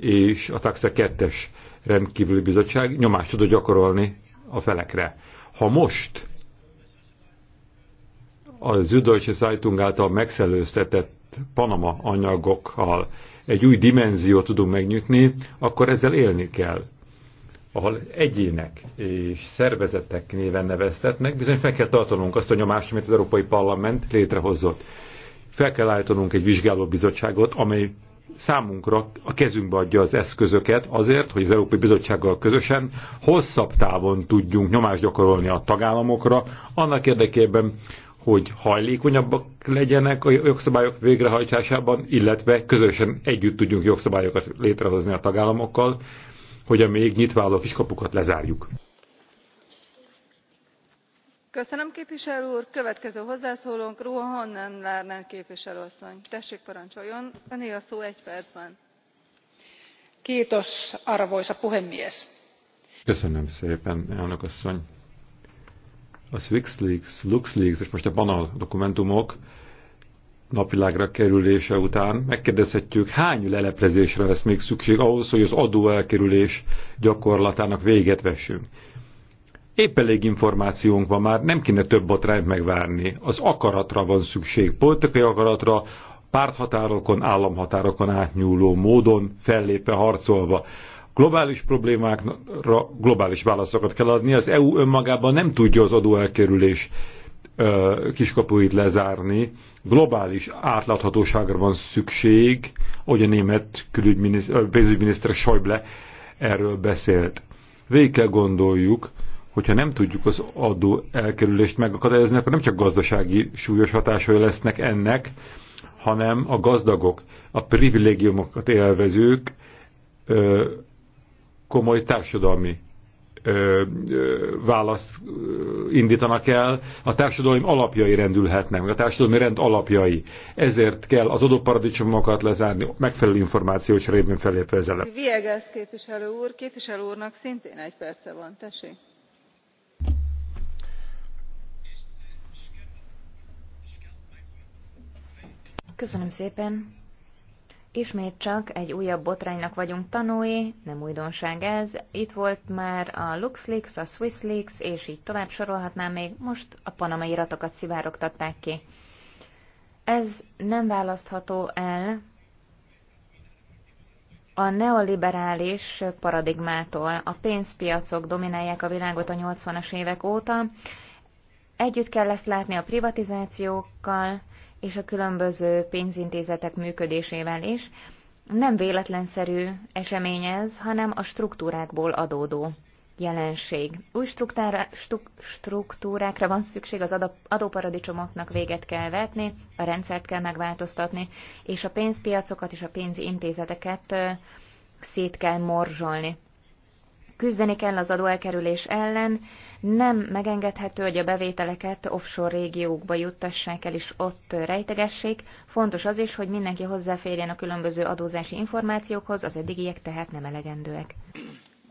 és a taxe kettes rendkívüli bizottság nyomást tudott gyakorolni a felekre. Ha most a Süddeutsche Zeitung által megszelőztetett Panama anyagokkal egy új dimenziót tudunk megnyitni, akkor ezzel élni kell. Ahol egyének és szervezetek néven neveztetnek, bizony fel kell tartanunk azt a nyomást, amit az Európai Parlament létrehozott. Fel kell állítanunk egy vizsgálóbizottságot, amely számunkra a kezünkbe adja az eszközöket azért, hogy az Európai Bizottsággal közösen hosszabb távon tudjunk nyomást gyakorolni a tagállamokra, annak érdekében, hogy hajlékonyabbak legyenek a jogszabályok végrehajtásában, illetve közösen együtt tudjunk jogszabályokat létrehozni a tagállamokkal, hogy a még nyitva álló kiskapukat lezárjuk. Köszönöm képviselő úr. Következő hozzászólónk Ruha Lárnán képviselőasszony. Tessék parancsoljon, öné a szó egy percben. Kiitos, arvoisa puhemies. Köszönöm szépen, elnök asszony a SwixLeaks, LuxLeaks és most a banal dokumentumok napvilágra kerülése után megkérdezhetjük, hány leleplezésre lesz még szükség ahhoz, hogy az adóelkerülés gyakorlatának véget vessünk. Épp elég információnk van már, nem kéne több botrányt megvárni. Az akaratra van szükség, politikai akaratra, párthatárokon, államhatárokon átnyúló módon fellépve harcolva. Globális problémákra globális válaszokat kell adni. Az EU önmagában nem tudja az adóelkerülés kiskapuit lezárni. Globális átláthatóságra van szükség, hogy a német pénzügyminiszter Schäuble erről beszélt. Végig kell gondoljuk, hogyha nem tudjuk az adó elkerülést megakadályozni, akkor nem csak gazdasági súlyos hatásai lesznek ennek, hanem a gazdagok, a privilégiumokat élvezők komoly társadalmi ö, ö, választ ö, indítanak el, a társadalom alapjai rendülhetnek, meg a társadalmi rend alapjai. Ezért kell az adóparadicsomokat lezárni, megfelelő információs révén felépve ezzel. Viegas képviselő úr, képviselő úrnak szintén egy perce van, tessék. Köszönöm szépen. Ismét csak egy újabb botránynak vagyunk tanúi, nem újdonság ez. Itt volt már a LuxLeaks, a SwissLeaks, és így tovább sorolhatnám még, most a panamai iratokat szivárogtatták ki. Ez nem választható el a neoliberális paradigmától. A pénzpiacok dominálják a világot a 80-as évek óta. Együtt kell ezt látni a privatizációkkal, és a különböző pénzintézetek működésével is. Nem véletlenszerű esemény ez, hanem a struktúrákból adódó jelenség. Új struktúrákra van szükség, az adóparadicsomoknak véget kell vetni, a rendszert kell megváltoztatni, és a pénzpiacokat és a pénzintézeteket szét kell morzsolni. Küzdeni kell az adóelkerülés ellen, nem megengedhető, hogy a bevételeket offshore régiókba juttassák el, és ott rejtegessék. Fontos az is, hogy mindenki hozzáférjen a különböző adózási információkhoz, az eddigiek tehát nem elegendőek.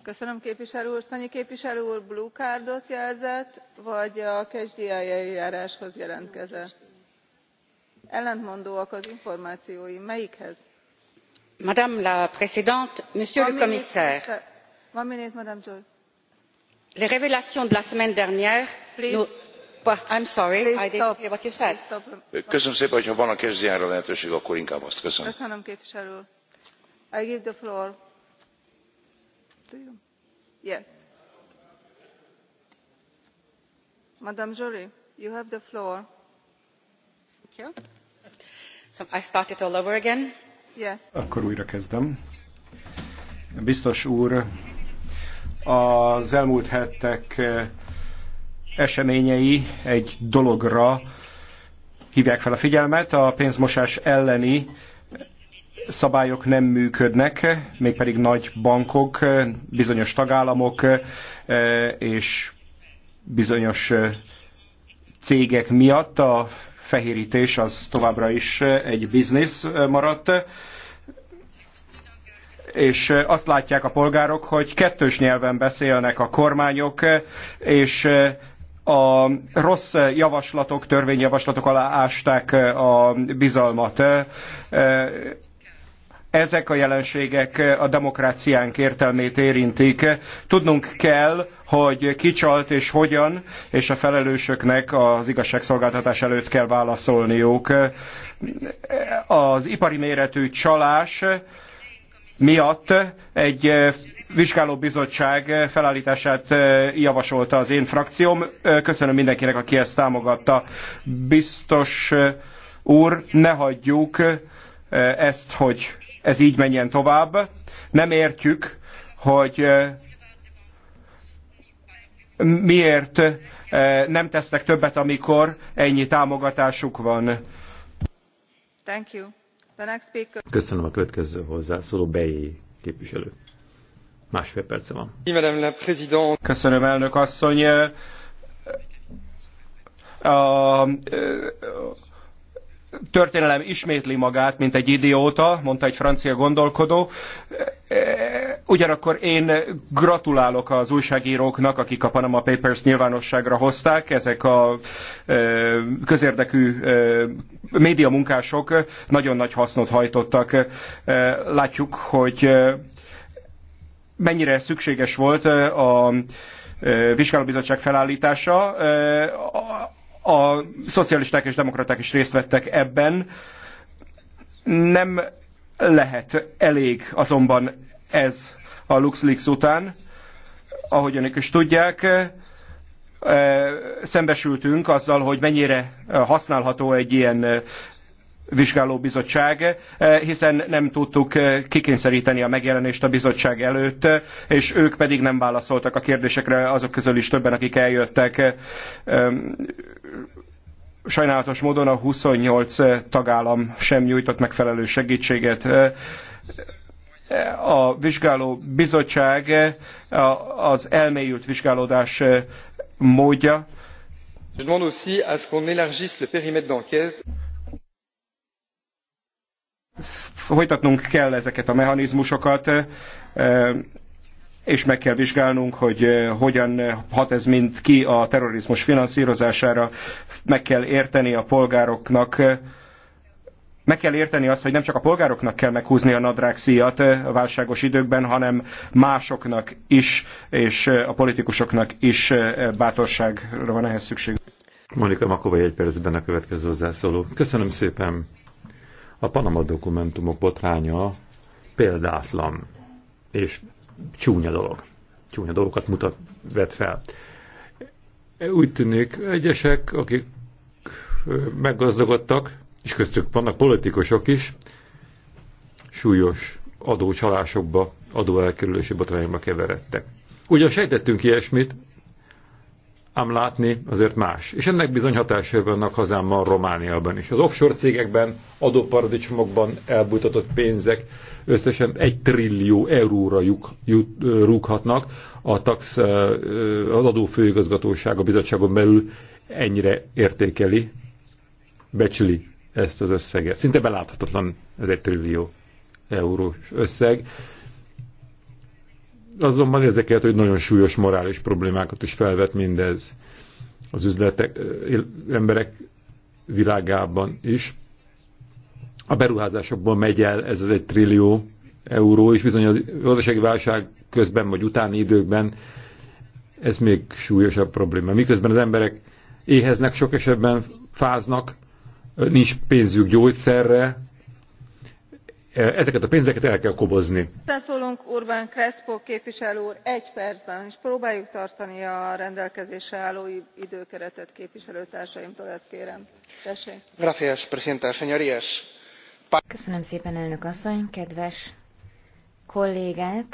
Köszönöm képviselő úr. Szanyi képviselő úr blue cardot jelzett, vagy a KSDI eljáráshoz jelentkezett? Ellentmondóak az információi. Melyikhez? Madame la Présidente, Monsieur le Commissaire les révélations de la semaine dernière nous köszönöm szépen hogyha van a catch lehetőség akkor inkább azt. köszönöm. I all over again. Yes. akkor újra kezdem. biztos úr az elmúlt hetek eh, eseményei egy dologra hívják fel a figyelmet, a pénzmosás elleni szabályok nem működnek, mégpedig nagy bankok, eh, bizonyos tagállamok eh, és bizonyos cégek miatt a fehérítés az továbbra is egy biznisz maradt és azt látják a polgárok, hogy kettős nyelven beszélnek a kormányok, és a rossz javaslatok, törvényjavaslatok alá ásták a bizalmat. Ezek a jelenségek a demokráciánk értelmét érintik. Tudnunk kell, hogy kicsalt és hogyan, és a felelősöknek az igazságszolgáltatás előtt kell válaszolniuk. Az ipari méretű csalás miatt egy vizsgálóbizottság felállítását javasolta az én frakcióm. Köszönöm mindenkinek, aki ezt támogatta. Biztos úr, ne hagyjuk ezt, hogy ez így menjen tovább. Nem értjük, hogy miért nem tesznek többet, amikor ennyi támogatásuk van. Thank you. Köszönöm a következő hozzászóló Bejé képviselő. Másfél perce van. Köszönöm, elnök asszony. A, a, történelem ismétli magát, mint egy idióta, mondta egy francia gondolkodó. Ugyanakkor én gratulálok az újságíróknak, akik a Panama Papers nyilvánosságra hozták. Ezek a közérdekű médiamunkások nagyon nagy hasznot hajtottak. Látjuk, hogy mennyire szükséges volt a vizsgálóbizottság felállítása. A szocialisták és demokraták is részt vettek ebben. Nem lehet elég azonban ez a LuxLeaks után. Ahogy önök is tudják, eh, szembesültünk azzal, hogy mennyire eh, használható egy ilyen eh, vizsgálóbizottság, hiszen nem tudtuk kikényszeríteni a megjelenést a bizottság előtt, és ők pedig nem válaszoltak a kérdésekre, azok közül is többen, akik eljöttek. Sajnálatos módon a 28 tagállam sem nyújtott megfelelő segítséget a vizsgáló bizottság az elmélyült vizsgálódás e, módja. Je demande aussi à ce qu'on élargisse le périmètre d'enquête folytatnunk kell ezeket a mechanizmusokat, e, és meg kell vizsgálnunk, hogy e, hogyan hat ez mind ki a terrorizmus finanszírozására, meg kell érteni a polgároknak, meg kell érteni azt, hogy nem csak a polgároknak kell meghúzni a nadrág eh, a válságos időkben, hanem másoknak is, és eh, a politikusoknak is eh, bátorságra van ehhez szükség. Monika Makovai egy percben a következő hozzászóló. Köszönöm szépen. A Panama dokumentumok botránya példátlan és csúnya dolog. Csúnya dolgokat mutat, vet fel. Úgy tűnik, egyesek, akik meggazdagodtak, és köztük vannak politikusok is, súlyos adócsalásokba, adóelkerülési botrányokba keveredtek. Ugyan sejtettünk ilyesmit, ám látni azért más. És ennek bizony hatásai vannak hazámmal Romániában is. Az offshore cégekben, adóparadicsomokban elbújtatott pénzek összesen egy trillió euróra lyuk, jut, rúghatnak. A tax, az adófőigazgatóság a bizottságon belül ennyire értékeli, becsüli ezt az összeget. Szinte beláthatatlan ez egy trillió eurós összeg. Azonban ezeket, hogy nagyon súlyos morális problémákat is felvet mindez az üzletek, emberek világában is. A beruházásokból megy el ez az egy trillió euró, és bizony az gazdasági válság közben vagy utáni időkben ez még súlyosabb probléma. Miközben az emberek éheznek, sok esetben fáznak, nincs pénzük gyógyszerre, e, ezeket a pénzeket el kell kobozni. Beszólunk Urbán Crespo képviselő úr egy percben, és próbáljuk tartani a rendelkezésre álló időkeretet képviselőtársaimtól, ezt kérem. Tessék. Gracias, presidenta, señorías. Köszönöm szépen, elnök asszony, kedves kollégák!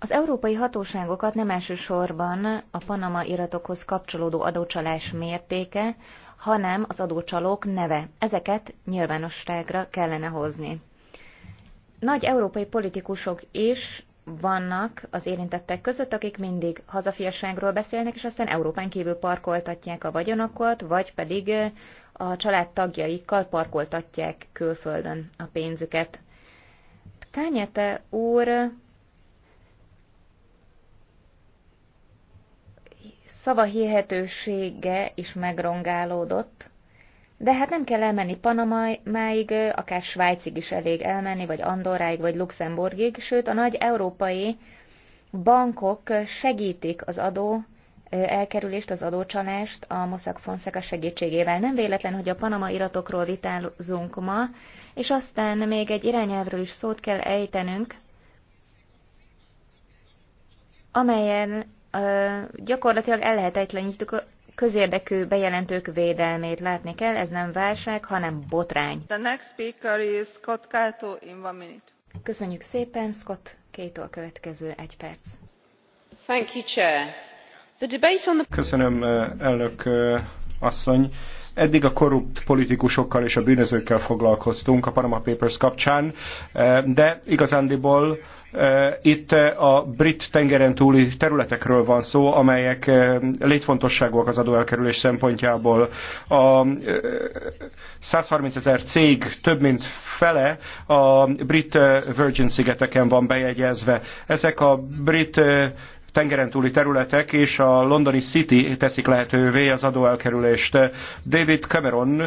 Az európai hatóságokat nem elsősorban a Panama iratokhoz kapcsolódó adócsalás mértéke, hanem az adócsalók neve. Ezeket nyilvánosságra kellene hozni. Nagy európai politikusok is vannak az érintettek között, akik mindig hazafiasságról beszélnek, és aztán Európán kívül parkoltatják a vagyonokat, vagy pedig a családtagjaikkal parkoltatják külföldön a pénzüket. Kányete úr szava hihetősége is megrongálódott, de hát nem kell elmenni Panamáig, akár Svájcig is elég elmenni, vagy Andorráig, vagy Luxemburgig, sőt a nagy európai bankok segítik az adó elkerülést, az adócsalást a Mossack Fonseca segítségével. Nem véletlen, hogy a Panama iratokról vitázunk ma, és aztán még egy irányelvről is szót kell ejtenünk, amelyen gyakorlatilag el ellehetetlenítjük a közérdekű bejelentők védelmét. Látni kell, ez nem válság, hanem botrány. The next speaker is Scott Cato in one minute. Köszönjük szépen, Scott Kato a következő egy perc. Thank you, Chair. The debate on the... Köszönöm, elnök asszony. Eddig a korrupt politikusokkal és a bűnözőkkel foglalkoztunk a Panama Papers kapcsán, eh, de igazándiból eh, itt eh, a brit tengeren túli területekről van szó, amelyek létfontosságúak az adóelkerülés szempontjából. A 130 ezer cég több mint fele a brit Virgin szigeteken van bejegyezve. Ezek a brit tengeren túli területek és a londoni City teszik lehetővé az adóelkerülést. David Cameron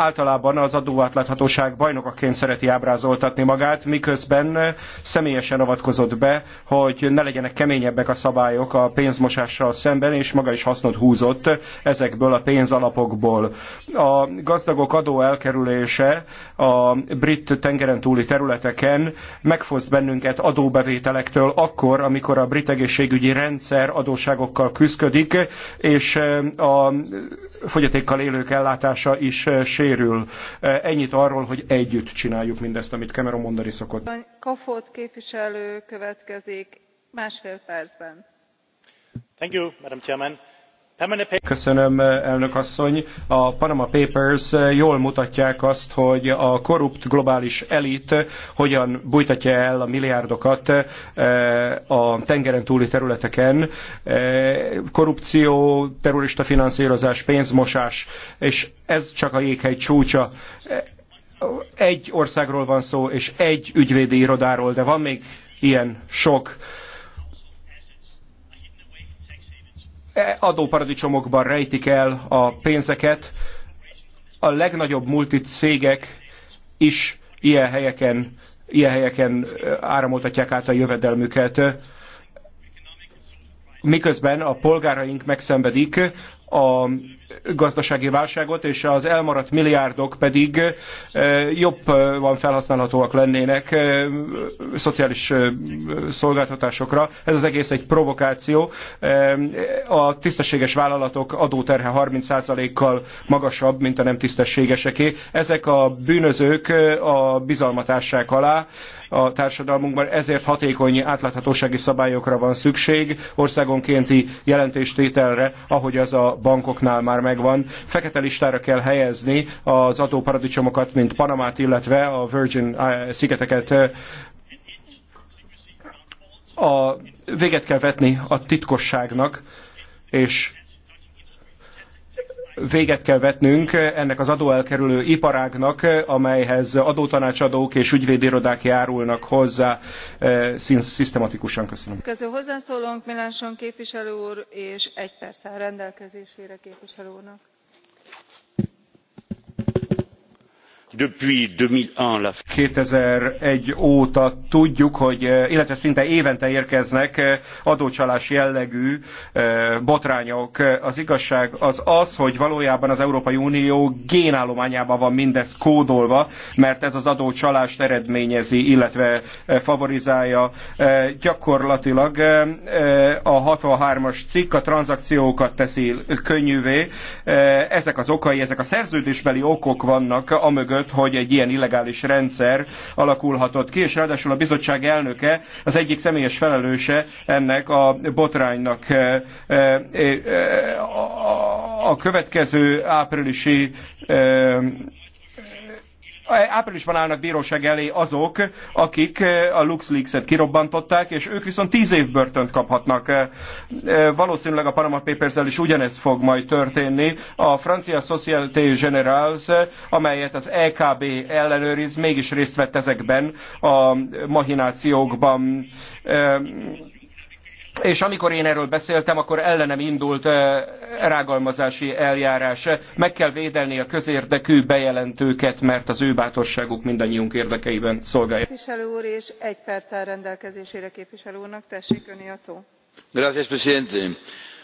általában az adóátláthatóság bajnokaként szereti ábrázoltatni magát, miközben személyesen avatkozott be, hogy ne legyenek keményebbek a szabályok a pénzmosással szemben, és maga is hasznot húzott ezekből a pénzalapokból. A gazdagok adó elkerülése a brit tengeren túli területeken megfoszt bennünket adóbevételektől akkor, amikor a brit egészségügyi rendszer adósságokkal küzdik, és a fogyatékkal élők ellátása is eh, sérül. Eh, ennyit arról, hogy együtt csináljuk mindezt, amit Cameron mondani szokott. Kofot képviselő következik másfél percben. Thank you, Madam Chairman Köszönöm, elnök asszony. A Panama Papers eh, jól mutatják azt, hogy a korrupt globális elit hogyan bújtatja el a milliárdokat eh, a tengeren túli területeken. Eh, korrupció, terrorista finanszírozás, pénzmosás, és ez csak a jéghegy csúcsa egy országról van szó, és egy ügyvédi irodáról, de van még ilyen sok. E, adóparadicsomokban rejtik el a pénzeket. A legnagyobb multicégek is ilyen helyeken, ilyen helyeken e, áramoltatják át a jövedelmüket miközben a polgáraink megszenvedik a gazdasági válságot, és az elmaradt milliárdok pedig eh, jobban eh, felhasználhatóak lennének eh, szociális szolgáltatásokra. Ez az egész egy provokáció. A tisztességes vállalatok adóterhe 30%-kal magasabb, mint a nem tisztességeseké. Ezek a bűnözők a bizalmatássák alá a társadalmunkban, ezért hatékony átláthatósági szabályokra van szükség, országonkénti jelentéstételre, ahogy az a bankoknál már megvan. Fekete listára kell helyezni az adóparadicsomokat, mint Panamát, illetve a Virgin szigeteket a, véget kell vetni a titkosságnak, és véget kell vetnünk ennek az adóelkerülő iparágnak, amelyhez adótanácsadók és ügyvédirodák járulnak hozzá e, szisztematikusan. Köszönöm. Köző hozzászólónk Milánson képviselő úr, és egy perc áll rendelkezésére képviselő úrnak. 2001. 2001 óta tudjuk, hogy, eh, illetve szinte évente érkeznek eh, adócsalás jellegű eh, botrányok. Az igazság az az, hogy valójában az Európai Unió génállományában van mindez kódolva, mert ez az adócsalást eredményezi, illetve favorizálja. Gyakorlatilag a 63-as cikk a tranzakciókat teszi könnyűvé. Ezek az okai, ezek a szerződésbeli okok vannak amögött, volt, hogy egy ilyen illegális rendszer alakulhatott ki, és ráadásul a bizottság elnöke az egyik személyes felelőse ennek a botránynak. E, e, e, a következő áprilisi áprilisban állnak bíróság elé azok, akik eh, a LuxLeaks-et kirobbantották, és ők viszont tíz év börtönt kaphatnak. Eh, eh, valószínűleg a Panama Papers-el is ugyanez fog majd történni. A francia Société Générale, amelyet az EKB ellenőriz, mégis részt vett ezekben a mahinációkban és amikor én erről beszéltem, akkor ellenem indult rágalmazási eljárás. Meg kell védeni a közérdekű bejelentőket, mert az ő bátorságuk mindannyiunk érdekeiben szolgálja. Képviselő úr, és egy perccel rendelkezésére képviselő úrnak, tessék öné a szó. Gracias, presidente.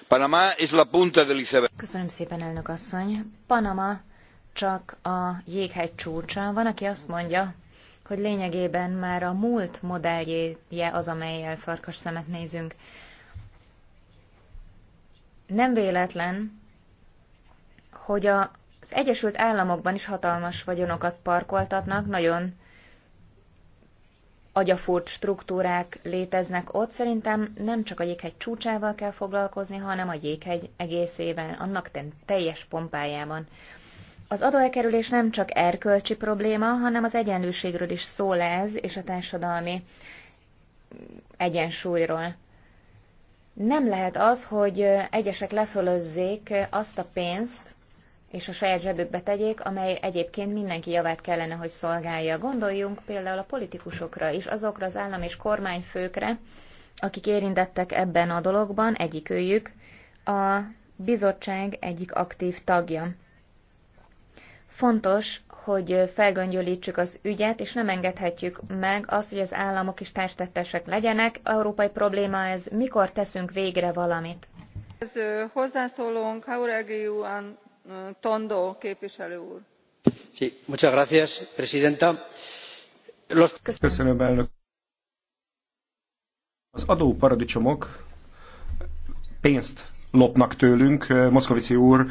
Panama es la punta del iceberg. Köszönöm szépen, elnök asszony. Panama csak a jéghegy csúcsa. Van, aki azt mondja, hogy lényegében már a múlt modelljéje az, amelyel farkas szemet nézünk. Nem véletlen, hogy a, az Egyesült Államokban is hatalmas vagyonokat parkoltatnak, nagyon agyafurt struktúrák léteznek ott, szerintem nem csak a jéghegy csúcsával kell foglalkozni, hanem a jéghegy egészében, annak teljes pompájában. Az adóelkerülés nem csak erkölcsi probléma, hanem az egyenlőségről is szól ez, és a társadalmi egyensúlyról. Nem lehet az, hogy egyesek lefölözzék azt a pénzt, és a saját zsebükbe tegyék, amely egyébként mindenki javát kellene, hogy szolgálja. Gondoljunk például a politikusokra is, azokra az állam és kormányfőkre, akik érintettek ebben a dologban, egyikőjük a bizottság egyik aktív tagja. Fontos, hogy felgöngyölítsük az ügyet, és nem engedhetjük meg azt, hogy az államok is társtettesek legyenek. Európai probléma ez, mikor teszünk végre valamit. Ez hozzászólónk Hauregi Tondo képviselő úr. Sí, muchas gracias, presidenta. Los... Köszönöm, elnök. Az adóparadicsomok pénzt lopnak tőlünk. Moszkovici úr,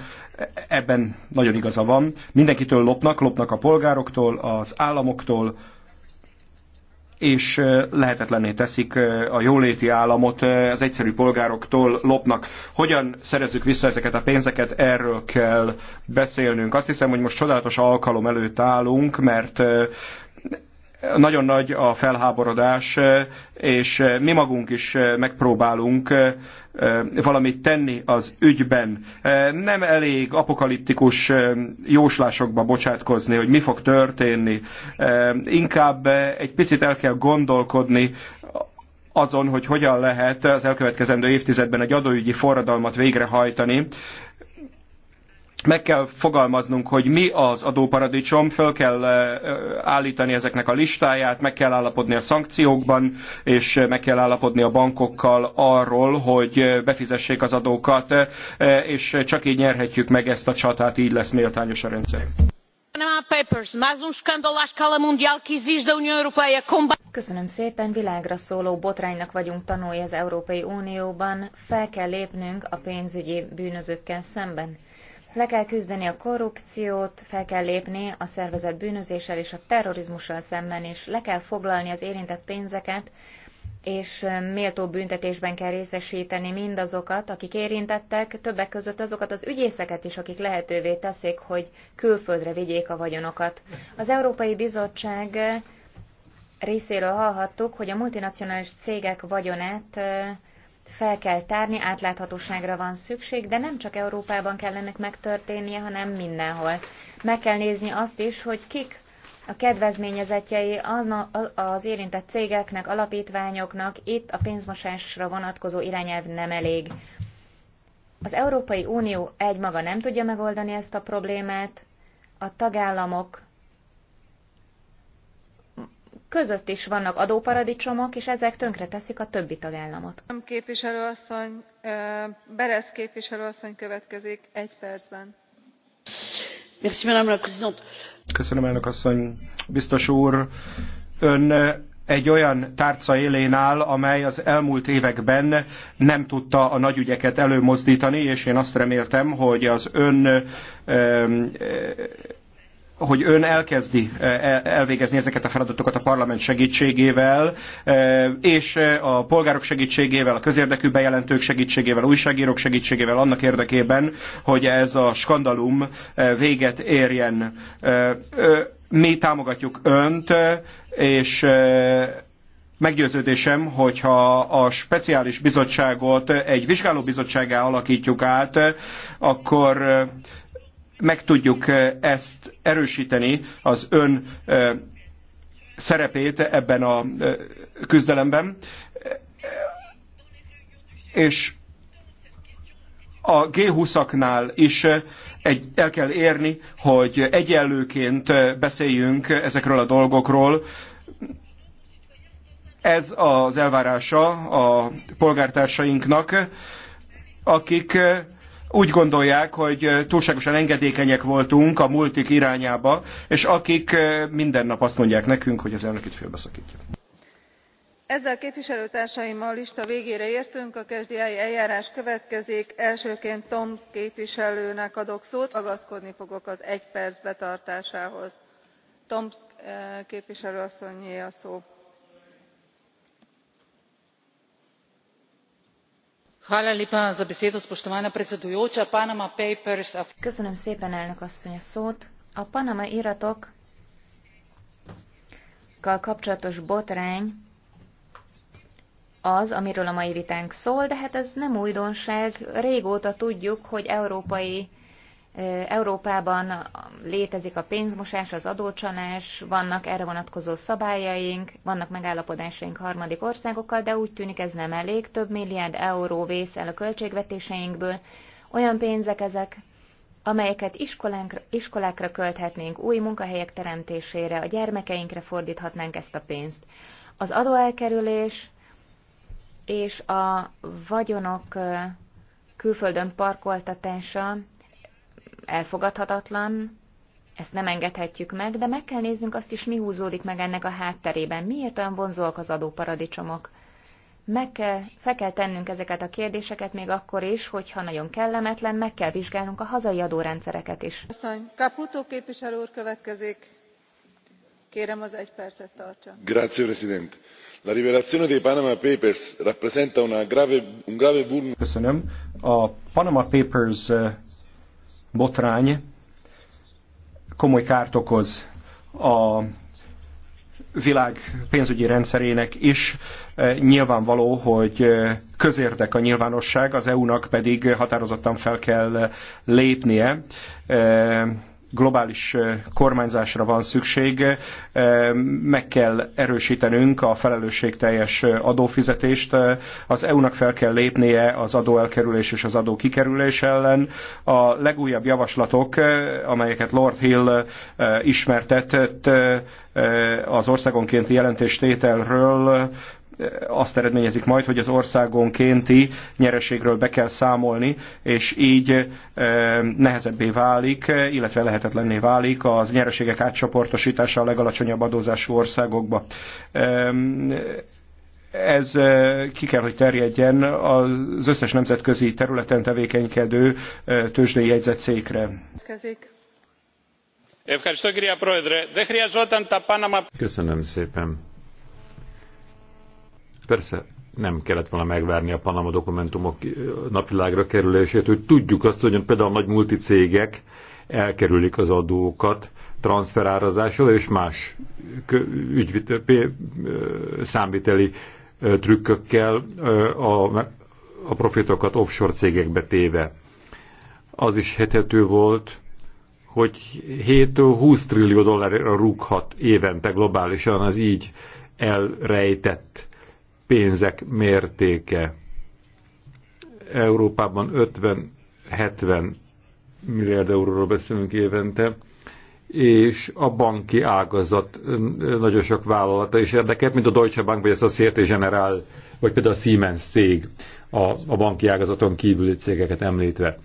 ebben nagyon igaza van. Mindenkitől lopnak, lopnak a polgároktól, az államoktól, és eh, lehetetlenné teszik eh, a jóléti államot, eh, az egyszerű polgároktól lopnak. Hogyan szerezzük vissza ezeket a pénzeket, erről kell beszélnünk. Azt hiszem, hogy most csodálatos alkalom előtt állunk, mert nagyon nagy a felháborodás, és mi magunk is megpróbálunk valamit tenni az ügyben. Nem elég apokaliptikus jóslásokba bocsátkozni, hogy mi fog történni. Inkább egy picit el kell gondolkodni azon, hogy hogyan lehet az elkövetkezendő évtizedben egy adóügyi forradalmat végrehajtani, meg kell fogalmaznunk, hogy mi az adóparadicsom, föl kell állítani ezeknek a listáját, meg kell állapodni a szankciókban, és meg kell állapodni a bankokkal arról, hogy befizessék az adókat, és csak így nyerhetjük meg ezt a csatát, így lesz méltányos a rendszer. Köszönöm szépen, világra szóló botránynak vagyunk tanulni az Európai Unióban, fel kell lépnünk a pénzügyi bűnözőkkel szemben. Le kell küzdeni a korrupciót, fel kell lépni a szervezet bűnözéssel és a terrorizmussal szemben, és le kell foglalni az érintett pénzeket, és méltó büntetésben kell részesíteni mindazokat, akik érintettek, többek között azokat az ügyészeket is, akik lehetővé teszik, hogy külföldre vigyék a vagyonokat. Az Európai Bizottság részéről hallhattuk, hogy a multinacionális cégek vagyonát fel kell tárni, átláthatóságra van szükség, de nem csak Európában kell ennek megtörténnie, hanem mindenhol. Meg kell nézni azt is, hogy kik a kedvezményezetjei az érintett cégeknek, alapítványoknak, itt a pénzmosásra vonatkozó irányelv nem elég. Az Európai Unió egymaga nem tudja megoldani ezt a problémát, a tagállamok között is vannak adóparadicsomok, és ezek tönkreteszik a többi tagállamot. Képviselő asszony, beresz képviselő következik egy percben. Merci, Madame la Présidente. Köszönöm, elnök asszony. Biztos úr, ön egy olyan tárca élén áll, amely az elmúlt években nem tudta a nagyügyeket előmozdítani, és én azt reméltem, hogy az ön hogy ön elkezdi e, e, elvégezni ezeket a feladatokat a parlament segítségével, e, és a polgárok segítségével, a közérdekű bejelentők segítségével, újságírók segítségével annak érdekében, hogy ez a skandalum véget érjen. Mi támogatjuk önt, és meggyőződésem, hogyha a speciális bizottságot egy vizsgálóbizottságá alakítjuk át, akkor meg tudjuk ezt erősíteni az ön szerepét ebben a küzdelemben. És a G20-aknál is egy, el kell érni, hogy egyenlőként beszéljünk ezekről a dolgokról. Ez az elvárása a polgártársainknak, akik úgy gondolják, hogy túlságosan engedékenyek voltunk a multik irányába, és akik minden nap azt mondják nekünk, hogy az elnök itt félbeszakítja. Ezzel képviselőtársaimmal a lista végére értünk, a kezdiai eljárás következik. Elsőként Tom képviselőnek adok szót, agaszkodni fogok az egy perc betartásához. Tom képviselő asszonyé a szó. a A Panama iratokkal kapcsolatos botrány az, amiről a mai vitánk szól, de hát ez nem újdonság. Régóta tudjuk, hogy európai Európában létezik a pénzmosás, az adócsalás, vannak erre vonatkozó szabályaink, vannak megállapodásaink harmadik országokkal, de úgy tűnik ez nem elég. Több milliárd euró vész el a költségvetéseinkből. Olyan pénzek ezek, amelyeket iskolánkra, iskolákra költhetnénk, új munkahelyek teremtésére, a gyermekeinkre fordíthatnánk ezt a pénzt. Az adóelkerülés és a vagyonok külföldön parkoltatása elfogadhatatlan, ezt nem engedhetjük meg, de meg kell néznünk azt is, mi húzódik meg ennek a hátterében. Miért olyan vonzóak az adóparadicsomok? Meg kell, fel kell tennünk ezeket a kérdéseket még akkor is, hogyha nagyon kellemetlen, meg kell vizsgálnunk a hazai adórendszereket is. Köszönöm Caputo képviselő úr következik. Kérem az egy percet tartsa. Grazie, Presidente. La rivelazione dei Panama Papers rappresenta una grave, un grave vulnus. Köszönöm. A Panama Papers eh, botrány komoly kárt okoz a világ pénzügyi rendszerének is e, nyilvánvaló, hogy e, közérdek a nyilvánosság, az EU-nak pedig határozottan fel kell lépnie e, globális kormányzásra van szükség, meg kell erősítenünk a felelősségteljes adófizetést, az EU-nak fel kell lépnie az adóelkerülés és az adó kikerülés ellen. A legújabb javaslatok, amelyeket Lord Hill ismertetett az országonkénti jelentéstételről azt eredményezik majd, hogy az országonkénti nyereségről be kell számolni, és így e, nehezebbé válik, illetve lehetetlenné válik az nyereségek átcsoportosítása a legalacsonyabb adózású országokba e, ez e, ki kell, hogy terjedjen az összes nemzetközi területen tevékenykedő tőzsdei jegyzett cégre. Köszönöm szépen. Persze nem kellett volna megvárni a Panama dokumentumok eh, napvilágra kerülését, hogy tudjuk azt, hogy például nagy multicégek elkerülik az adókat transferárazással és más eh, eh, számviteli trükkökkel a, a profitokat offshore cégekbe téve. Az is hethető volt, hogy 7-20 trillió dollárra rúghat évente globálisan az így elrejtett pénzek mértéke. Európában 50-70 milliárd euróról beszélünk évente, és a banki ágazat nagyon sok vállalata is érdekelt, mint a Deutsche Bank, vagy a Société General, vagy például a Siemens cég, a, a banki ágazaton kívüli cégeket említve.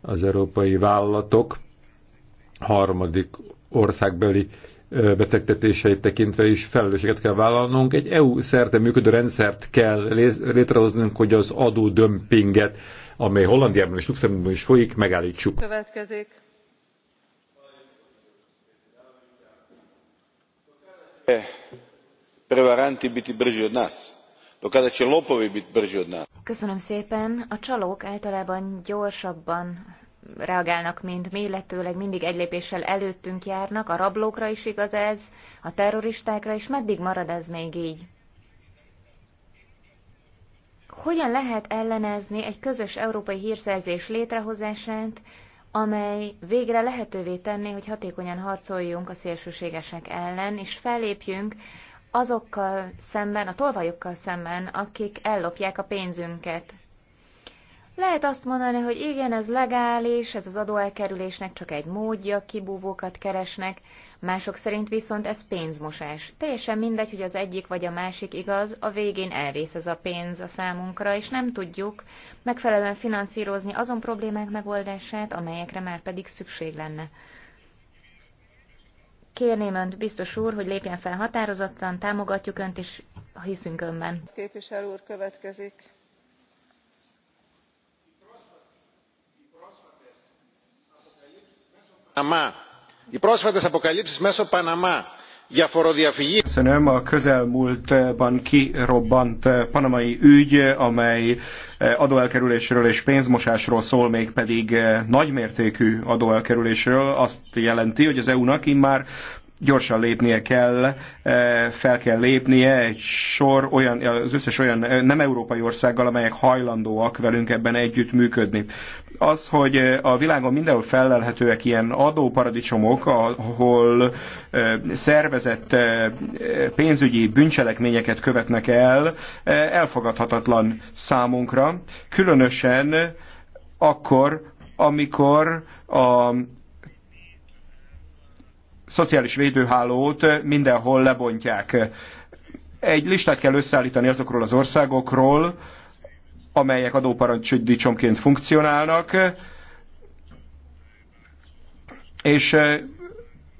Az európai vállalatok harmadik országbeli befektetéseit tekintve is felelősséget kell vállalnunk. Egy EU szerte működő rendszert kell létrehoznunk, hogy az adó dömpinget, amely Hollandiában és Luxemburgban is folyik, megállítsuk. Következik. prevaranti biti brži od nas? Do lopovi biti brži od nas? Köszönöm szépen. A csalók általában gyorsabban reagálnak, mint mi, illetőleg mindig egy lépéssel előttünk járnak, a rablókra is igaz ez, a terroristákra is, meddig marad ez még így? Hogyan lehet ellenezni egy közös európai hírszerzés létrehozását, amely végre lehetővé tenné, hogy hatékonyan harcoljunk a szélsőségesek ellen, és fellépjünk azokkal szemben, a tolvajokkal szemben, akik ellopják a pénzünket. Lehet azt mondani, hogy igen, ez legális, ez az adóelkerülésnek csak egy módja, kibúvókat keresnek, mások szerint viszont ez pénzmosás. Teljesen mindegy, hogy az egyik vagy a másik igaz, a végén elvész ez a pénz a számunkra, és nem tudjuk megfelelően finanszírozni azon problémák megoldását, amelyekre már pedig szükség lenne. Kérném Önt, biztos úr, hogy lépjen fel határozottan, támogatjuk Önt, és hiszünk Önben. Képviselő úr következik. Panama. Οι πρόσφατες αποκαλύψεις μέσω Παναμά για φοροδιαφυγή. Köszönöm a közelmúltban kirobbant eh, panamai ügy, amely eh, adóelkerülésről és pénzmosásról szól, még pedig eh, nagymértékű adóelkerülésről. Azt jelenti, hogy az EU-nak immár gyorsan lépnie kell, eh, fel kell lépnie egy sor olyan, az összes olyan eh, nem európai országgal, amelyek hajlandóak velünk ebben együtt működni. Az, hogy eh, a világon mindenhol felelhetőek ilyen adóparadicsomok, ahol szervezett pénzügyi bűncselekményeket követnek el, elfogadhatatlan számunkra, különösen akkor, amikor a szociális védőhálót mindenhol lebontják. Egy listát kell összeállítani azokról az országokról, amelyek adóparadicsomként funkcionálnak, és eh,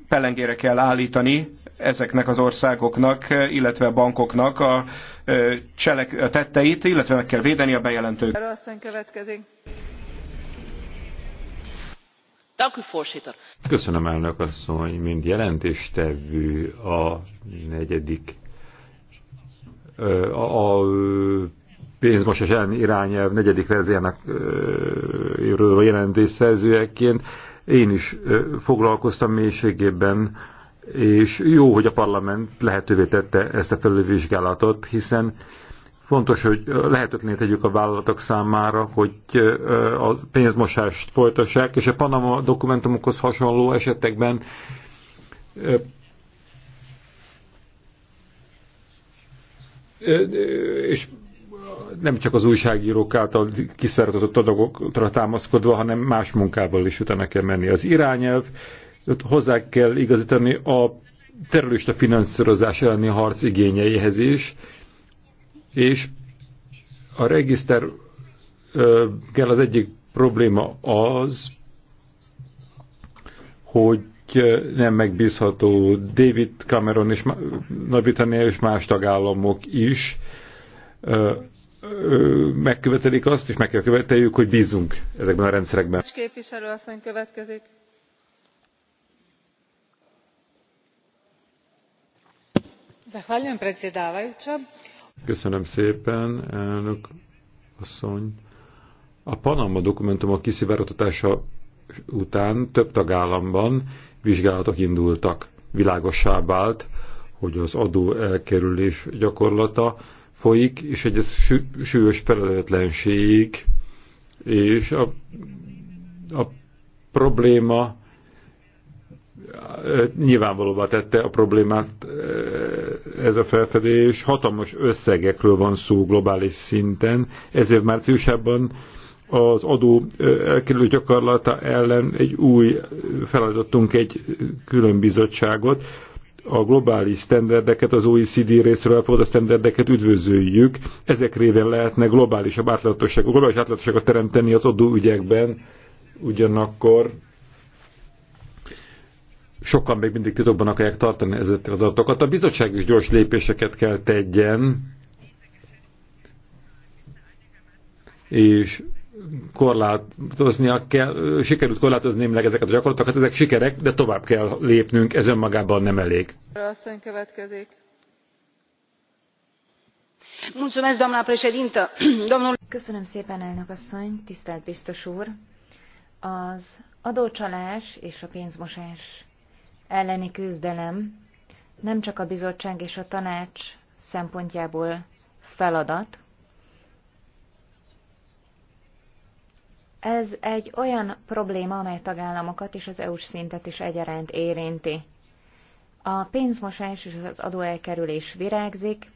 pellengére kell állítani ezeknek az országoknak, illetve a bankoknak a, eh, cselek, a tetteit, illetve meg kell védeni a bejelentőket. Köszönöm, elnök asszony, mint jelentéstevő a negyedik a pénzmosas ellen irányelv negyedik verziának a jelentés szerzőjeként. Én is foglalkoztam mélységében, és jó, hogy a parlament lehetővé tette ezt a felülvizsgálatot, hiszen Fontos, hogy lehetetlené tegyük a vállalatok számára, hogy a pénzmosást folytassák, és a Panama dokumentumokhoz hasonló esetekben és nem csak az újságírók által kiszervezett adagokra támaszkodva, hanem más munkával is utána kell menni. Az irányelv hozzá kell igazítani a terrorista finanszírozás elleni harc igényeihez is, és a regiszter kell az egyik probléma az, hogy nem megbízható David Cameron és Nagy-Britannia és más tagállamok is megkövetelik azt, és meg kell követeljük, hogy bízunk ezekben a rendszerekben. Képviselő asszony következik. Zahvaljujem predsjedavajuća Köszönöm szépen, elnök asszony. A Panama dokumentumok kiszivárogtatása után több tagállamban vizsgálatok indultak. Világossá vált, hogy az adó elkerülés gyakorlata folyik, és egy súlyos felelőtlenség, és a, a probléma nyilvánvalóvá tette a problémát ez a felfedés. Hatalmas összegekről van szó globális szinten. Ezért márciusában az adó elkerülő gyakorlata ellen egy új feladottunk egy külön bizottságot. A globális standardeket, az OECD részről elfogadott standardeket üdvözöljük. Ezek révén lehetne globálisabb átlátosságot, globális átlátosságot teremteni az adóügyekben, ugyanakkor sokan még mindig titokban akarják tartani ezeket az adatokat. A bizottság is gyors lépéseket kell tegyen, és korlátoznia kell, sikerült korlátozni némileg ezeket a gyakorlatokat, ezek sikerek, de tovább kell lépnünk, ez önmagában nem elég. Asszony következik. [clears throat] Köszönöm szépen, elnök asszony, tisztelt biztos úr. Az adócsalás és a pénzmosás elleni küzdelem nem csak a bizottság és a tanács szempontjából feladat, ez egy olyan probléma, amely tagállamokat és az EU-s szintet is egyaránt érinti. A pénzmosás és az adóelkerülés virágzik,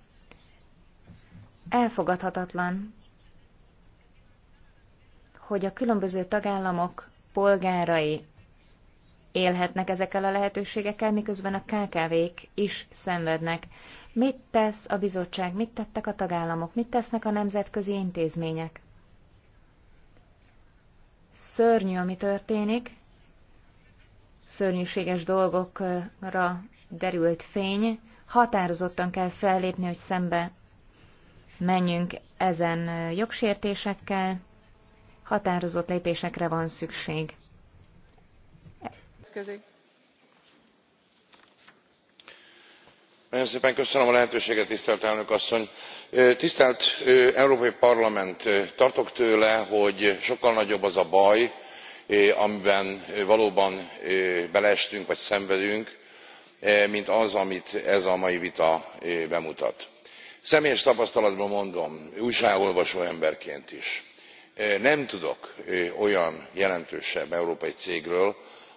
elfogadhatatlan, hogy a különböző tagállamok polgárai élhetnek ezekkel a lehetőségekkel, miközben a KKV-k is szenvednek. Mit tesz a bizottság, mit tettek a tagállamok, mit tesznek a nemzetközi intézmények? Szörnyű, ami történik, szörnyűséges dolgokra derült fény, határozottan kell fellépni, hogy szembe menjünk ezen jogsértésekkel, határozott lépésekre van szükség nagyon szépen köszönöm a lehetőséget tisztelt elnök asszony! tisztelt európai parlament tartok tőle hogy sokkal nagyobb az a baj amiben valóban beleestünk vagy szenvedünk mint az amit ez a mai vita bemutat. személyes tapasztalatból mondom újságolvasó emberként is nem tudok olyan jelentősebb európai cégről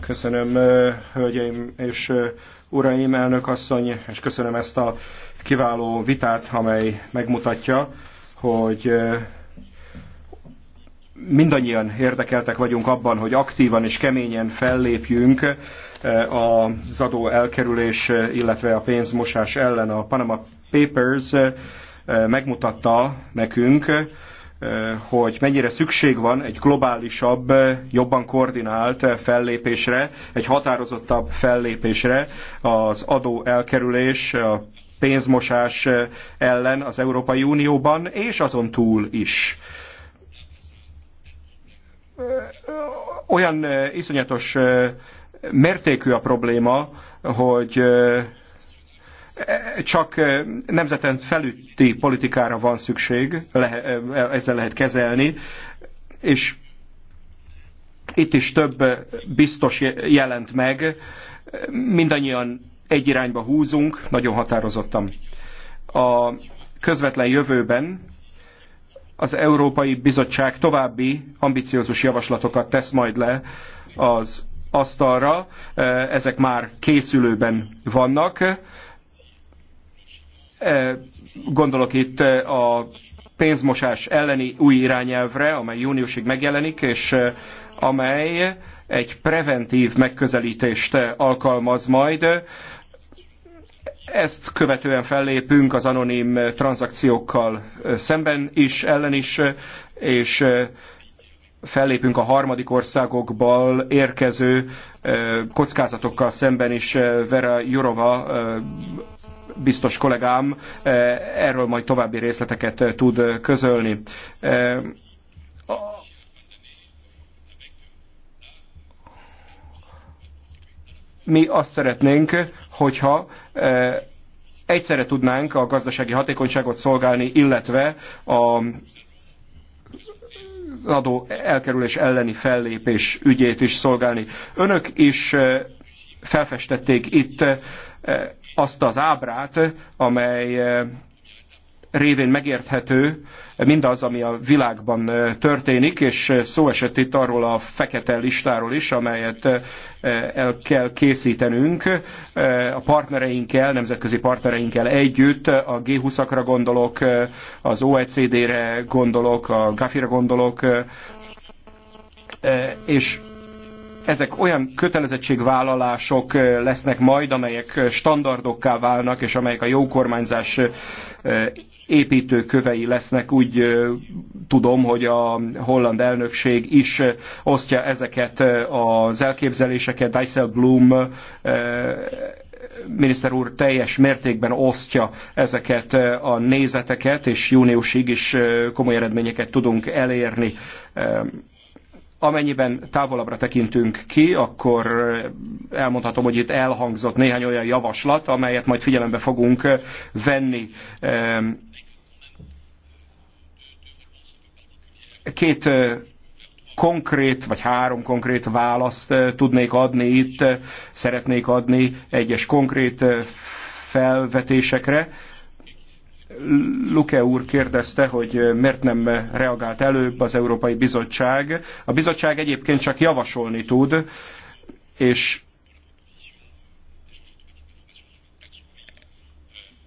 Köszönöm, eh, hölgyeim és eh, uraim, elnök asszony, és köszönöm ezt a kiváló vitát, amely megmutatja, hogy eh, mindannyian érdekeltek vagyunk abban, hogy aktívan és keményen fellépjünk az adó elkerülés, illetve a pénzmosás ellen. A Panama Papers megmutatta nekünk, hogy mennyire szükség van egy globálisabb, jobban koordinált fellépésre, egy határozottabb fellépésre az adó elkerülés, a pénzmosás ellen az Európai Unióban, és azon túl is olyan iszonyatos mértékű a probléma, hogy csak eh, nemzeten felütti politikára van szükség, eh, ezzel lehet kezelni, és itt is több eh, biztos jelent meg, mindannyian egy irányba húzunk, nagyon határozottan. A közvetlen jövőben az Európai Bizottság további ambiciózus javaslatokat tesz majd le az asztalra, ezek már készülőben vannak, Eh, gondolok itt eh, a pénzmosás elleni új irányelvre, amely júniusig megjelenik, és eh, amely egy preventív megközelítést alkalmaz majd. Ezt követően fellépünk az anonim tranzakciókkal szemben is, ellen is, és fellépünk a harmadik országokból érkező kockázatokkal szemben is. Vera Jurova biztos kollégám eh, erről majd további részleteket eh, tud eh, közölni. Mi azt szeretnénk, hogyha egyszerre tudnánk a gazdasági hatékonyságot szolgálni, illetve a adó elkerülés elleni fellépés ügyét is szolgálni. Önök is felfestették itt azt az ábrát, amely eh, révén megérthető mindaz, ami a világban eh, történik, és eh, szó esett itt arról a fekete listáról is, amelyet el kell készítenünk a partnereinkkel, nemzetközi partnereinkkel együtt, a G20-akra gondolok, az OECD-re gondolok, a GAFI-ra gondolok, és ezek olyan kötelezettségvállalások eh, lesznek majd, amelyek eh, standardokká válnak, és amelyek a jó kormányzás eh, építőkövei lesznek. Úgy tudom, hogy a holland elnökség is osztja ezeket az elképzeléseket. Dijsselbloem miniszter úr teljes mértékben osztja ezeket a nézeteket, és júniusig is komoly eredményeket tudunk elérni. Amennyiben távolabbra tekintünk ki, akkor eh, elmondhatom, hogy itt elhangzott néhány olyan javaslat, amelyet majd figyelembe fogunk eh, venni. Két eh, konkrét, vagy három konkrét választ tudnék adni itt, szeretnék adni egyes konkrét felvetésekre Luke úr kérdezte, hogy miért nem reagált előbb az Európai Bizottság. A bizottság egyébként csak javasolni tud, és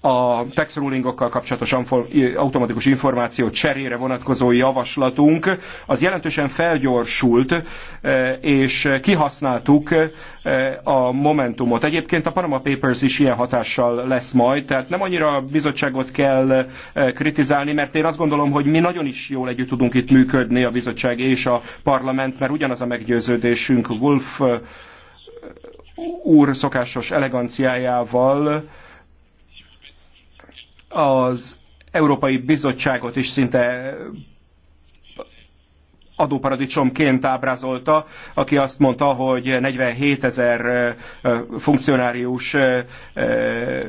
a tax rulingokkal kapcsolatos automatikus információ cserére vonatkozó javaslatunk, az jelentősen felgyorsult, e, és kihasználtuk e, a momentumot. Egyébként a Panama Papers is ilyen hatással lesz majd, tehát nem annyira a bizottságot kell e, kritizálni, mert én azt gondolom, hogy mi nagyon is jól együtt tudunk itt működni, a bizottság és a parlament, mert ugyanaz a meggyőződésünk Wolf úr szokásos eleganciájával, az Európai Bizottságot is szinte adóparadicsomként ábrázolta, aki azt mondta, hogy 47 ezer funkcionárius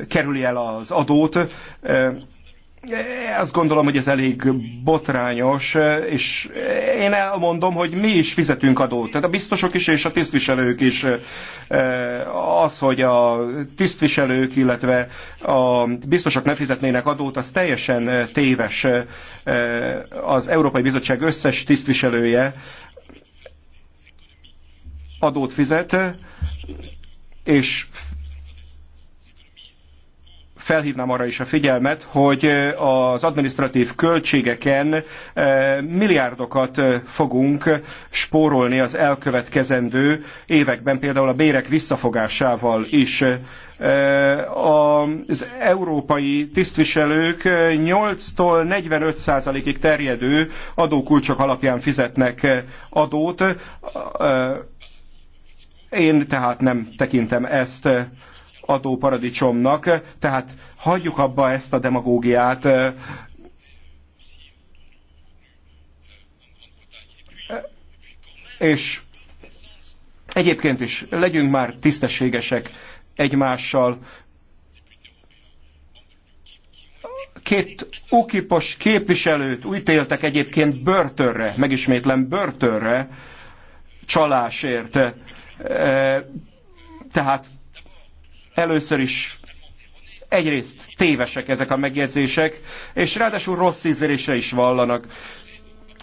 kerüli el az adót azt gondolom, hogy ez elég botrányos, és én elmondom, hogy mi is fizetünk adót. Tehát a biztosok is és a tisztviselők is az, hogy a tisztviselők, illetve a biztosok ne fizetnének adót, az teljesen téves. Az Európai Bizottság összes tisztviselője adót fizet, és felhívnám arra is a figyelmet, hogy az administratív költségeken milliárdokat fogunk spórolni az elkövetkezendő években, például a bérek visszafogásával is az európai tisztviselők 8-tól 45%-ig terjedő adókulcsok alapján fizetnek adót. Én tehát nem tekintem ezt adóparadicsomnak, tehát hagyjuk abba ezt a demagógiát. És egyébként is legyünk már tisztességesek egymással, két okipos képviselőt ítéltek egyébként börtönre, megismétlem börtönre, csalásért. Eh, tehát Először is egyrészt tévesek ezek a megjegyzések, és ráadásul rossz ízlésre is vallanak,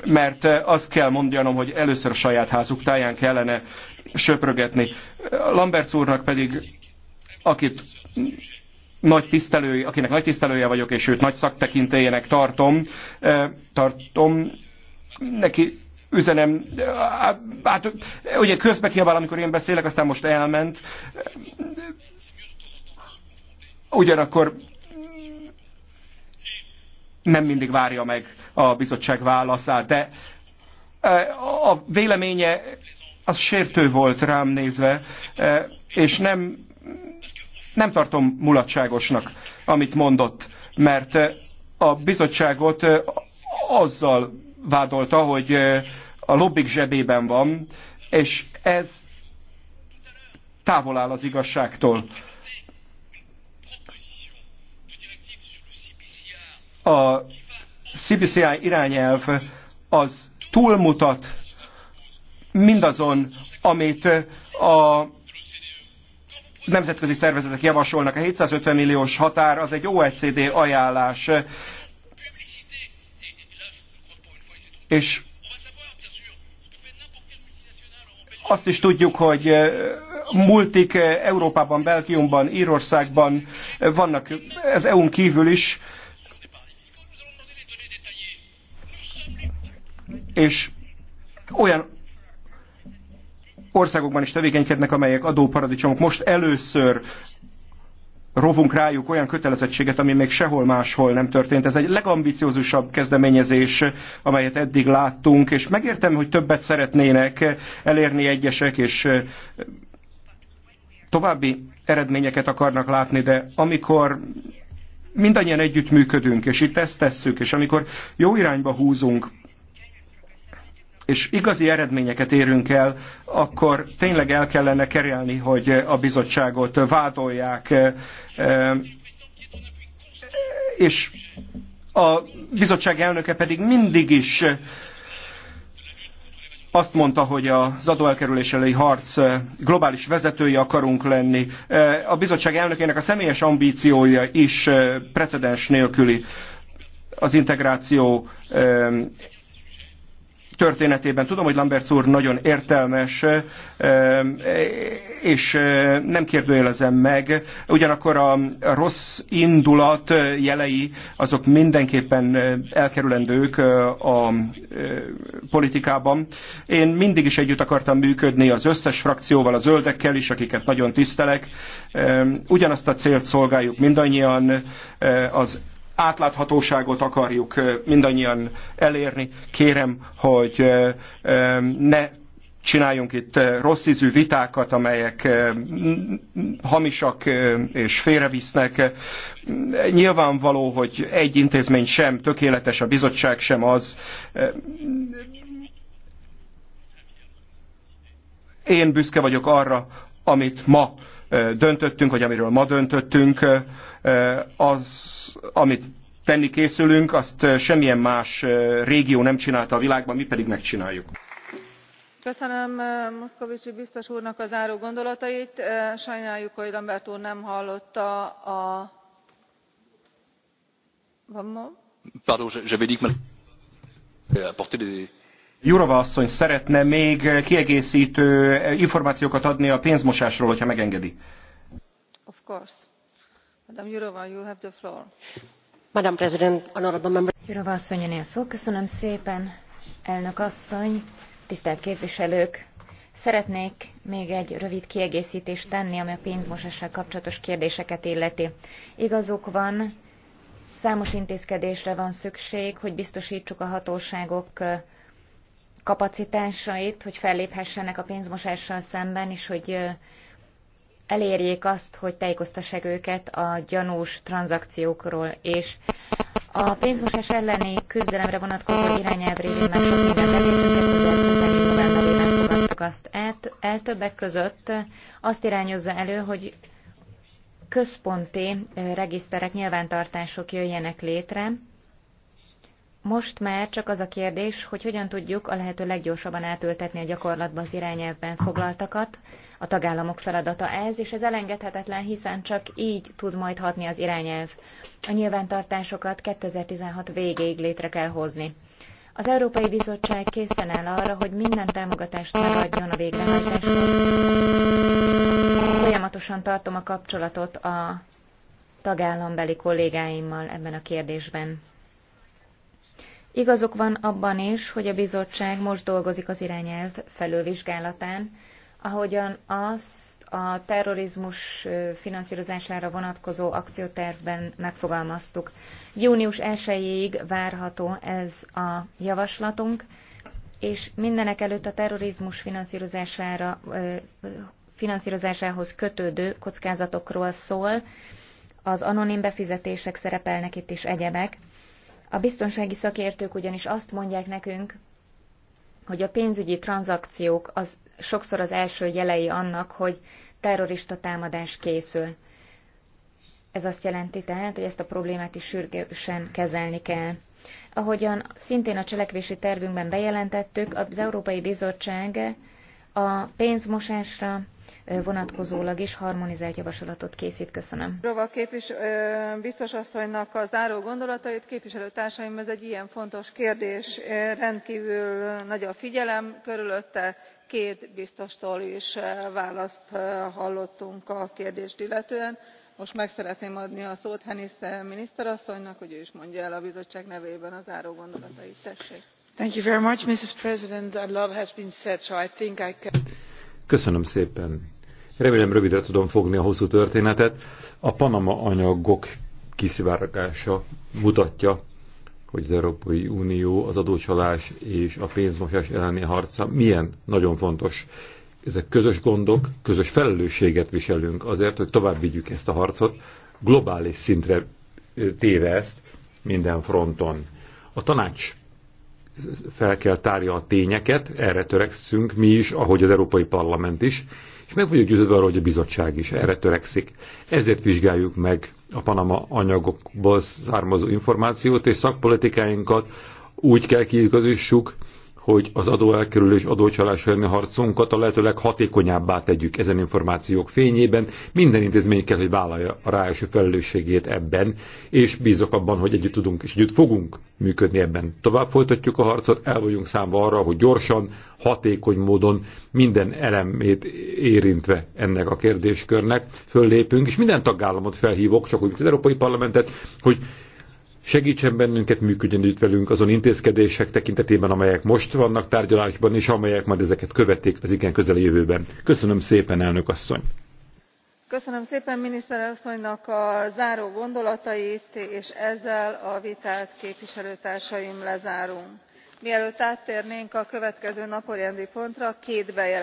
mert eh, azt kell mondjanom, hogy először a saját házuk táján kellene söprögetni. Lamberts úrnak pedig, akit nagy tisztelője, akinek nagy tisztelője vagyok, és őt nagy szaktekintélyének tartom, eh, tartom neki üzenem, eh, hát ugye közbe kiabál, amikor én beszélek, aztán most elment. Ugyanakkor nem mindig várja meg a bizottság válaszát, de e, a véleménye az sértő volt rám nézve, e, és nem, nem tartom mulatságosnak, amit mondott, mert e, a bizottságot azzal vádolta, hogy a lobbik zsebében van, és ez távol áll az igazságtól. a CBCI irányelv az túlmutat mindazon, amit a nemzetközi szervezetek javasolnak. A 750 milliós határ az egy OECD ajánlás. És azt is tudjuk, hogy eh, multik eh, Európában, Belgiumban, Írországban eh, vannak, ez EU-n kívül is, és olyan országokban is tevékenykednek, amelyek adóparadicsomok. Most először rovunk rájuk olyan kötelezettséget, ami még sehol máshol nem történt. Ez egy legambiciózusabb kezdeményezés, amelyet eddig láttunk, és megértem, hogy többet szeretnének elérni egyesek, és további eredményeket akarnak látni, de amikor mindannyian együttműködünk, és itt ezt tesszük, és amikor jó irányba húzunk, és igazi eredményeket érünk el, akkor tényleg el kellene kerelni, hogy a bizottságot vádolják, e, e, és a bizottság elnöke pedig mindig is azt mondta, hogy az adóelkerülés harc e, globális vezetői akarunk lenni. A bizottság elnökének a személyes ambíciója is precedens nélküli az integráció történetében. Tudom, hogy Lambert úr nagyon értelmes, és nem kérdőjelezem meg. Ugyanakkor a rossz indulat jelei azok mindenképpen elkerülendők a politikában. Én mindig is együtt akartam működni az összes frakcióval, a zöldekkel is, akiket nagyon tisztelek. Ugyanazt a célt szolgáljuk mindannyian, az átláthatóságot akarjuk mindannyian elérni. Kérem, hogy ne csináljunk itt rossz ízű vitákat, amelyek hamisak és félrevisznek. Nyilvánvaló, hogy egy intézmény sem tökéletes, a bizottság sem az. Én büszke vagyok arra, amit ma döntöttünk, vagy amiről ma döntöttünk, az, amit tenni készülünk, azt semmilyen más régió nem csinálta a világban, mi pedig megcsináljuk. Köszönöm Moszkovicsi biztos úrnak a záró gondolatait. Sajnáljuk, hogy Lambert úr nem hallotta a... Van ma? Pardon, j'avais dit que... Apporter des Jurova asszony szeretne még kiegészítő információkat adni a pénzmosásról, hogyha megengedi. Of course. Madame Jurova, you have the floor. Madame President, honorable member. Jurova asszony, a szó. Köszönöm szépen, elnök asszony, tisztelt képviselők. Szeretnék még egy rövid kiegészítést tenni, ami a pénzmosással kapcsolatos kérdéseket illeti. Igazuk van, számos intézkedésre van szükség, hogy biztosítsuk a hatóságok kapacitásait, hogy felléphessenek a pénzmosással szemben, és hogy elérjék azt, hogy tájékoztassák őket a gyanús tranzakciókról, és a pénzmosás elleni küzdelemre vonatkozó irányelv révén már sok mindent elértünk, novemberében fogadtuk azt el, el többek között azt irányozza elő, hogy központi regiszterek, nyilvántartások jöjjenek létre, most már csak az a kérdés, hogy hogyan tudjuk a lehető leggyorsabban átültetni a gyakorlatba az irányelvben foglaltakat. A tagállamok feladata ez, és ez elengedhetetlen, hiszen csak így tud majd hatni az irányelv. A nyilvántartásokat 2016 végéig létre kell hozni. Az Európai Bizottság készen áll arra, hogy minden támogatást megadjon a végrehajtáshoz. Folyamatosan tartom a kapcsolatot a tagállambeli kollégáimmal ebben a kérdésben. Igazok van abban is, hogy a bizottság most dolgozik az irányelv felülvizsgálatán, ahogyan azt a terrorizmus finanszírozására vonatkozó akciótervben megfogalmaztuk. Június 1-ig várható ez a javaslatunk, és mindenek előtt a terrorizmus finanszírozására, finanszírozásához kötődő kockázatokról szól, az anonim befizetések szerepelnek itt is egyebek, a biztonsági szakértők ugyanis azt mondják nekünk, hogy a pénzügyi tranzakciók az sokszor az első jelei annak, hogy terrorista támadás készül. Ez azt jelenti tehát, hogy ezt a problémát is sürgősen kezelni kell. Ahogyan szintén a cselekvési tervünkben bejelentettük, az Európai Bizottság a pénzmosásra, vonatkozólag is harmonizált javaslatot készít. köszönöm. jourov biztos asszonynak a záró gondolatait képviselőtársaim ez egy ilyen fontos kérdés rendkvül nagy a figyelem körülötte két biztostól is választ hallottunk a kérdést illetően most meg szeretném adni a szót hennis miniszter asszonynak hogy ő is mondja el a bizottság nevében a záró gondolatait. tessék! köszönöm szépen Remélem rövidre tudom fogni a hosszú történetet. A Panama anyagok kiszivárgása mutatja, hogy az Európai Unió az adócsalás és a pénzmosás elleni harca milyen nagyon fontos. Ezek közös gondok, közös felelősséget viselünk azért, hogy tovább vigyük ezt a harcot, globális szintre téve ezt minden fronton. A tanács fel kell tárja a tényeket, erre törekszünk mi is, ahogy az Európai Parlament is, és meg vagyok győződve arról, hogy a bizottság is erre törekszik. Ezért vizsgáljuk meg a Panama anyagokból származó információt, és szakpolitikáinkat úgy kell kiigazítsuk, hogy az adóelkerülés adócsalás elleni harcunkat a lehető leghatékonyabbá tegyük ezen információk fényében. Minden intézmény kell, hogy vállalja a ráeső felelősségét ebben, és bízok abban, hogy együtt tudunk és együtt fogunk működni ebben. Tovább folytatjuk a harcot, el vagyunk számva arra, hogy gyorsan, hatékony módon minden elemét érintve ennek a kérdéskörnek föllépünk, és minden tagállamot felhívok, csak úgy az Európai Parlamentet, hogy Segítsen bennünket, működjön itt velünk azon intézkedések tekintetében, amelyek most vannak tárgyalásban, és amelyek majd ezeket követik az igen közeli jövőben. Köszönöm szépen, elnök asszony! Köszönöm szépen miniszter a záró gondolatait, és ezzel a vitát képviselőtársaim lezárom. Mielőtt áttérnénk a következő napirendi pontra, két bejelentés.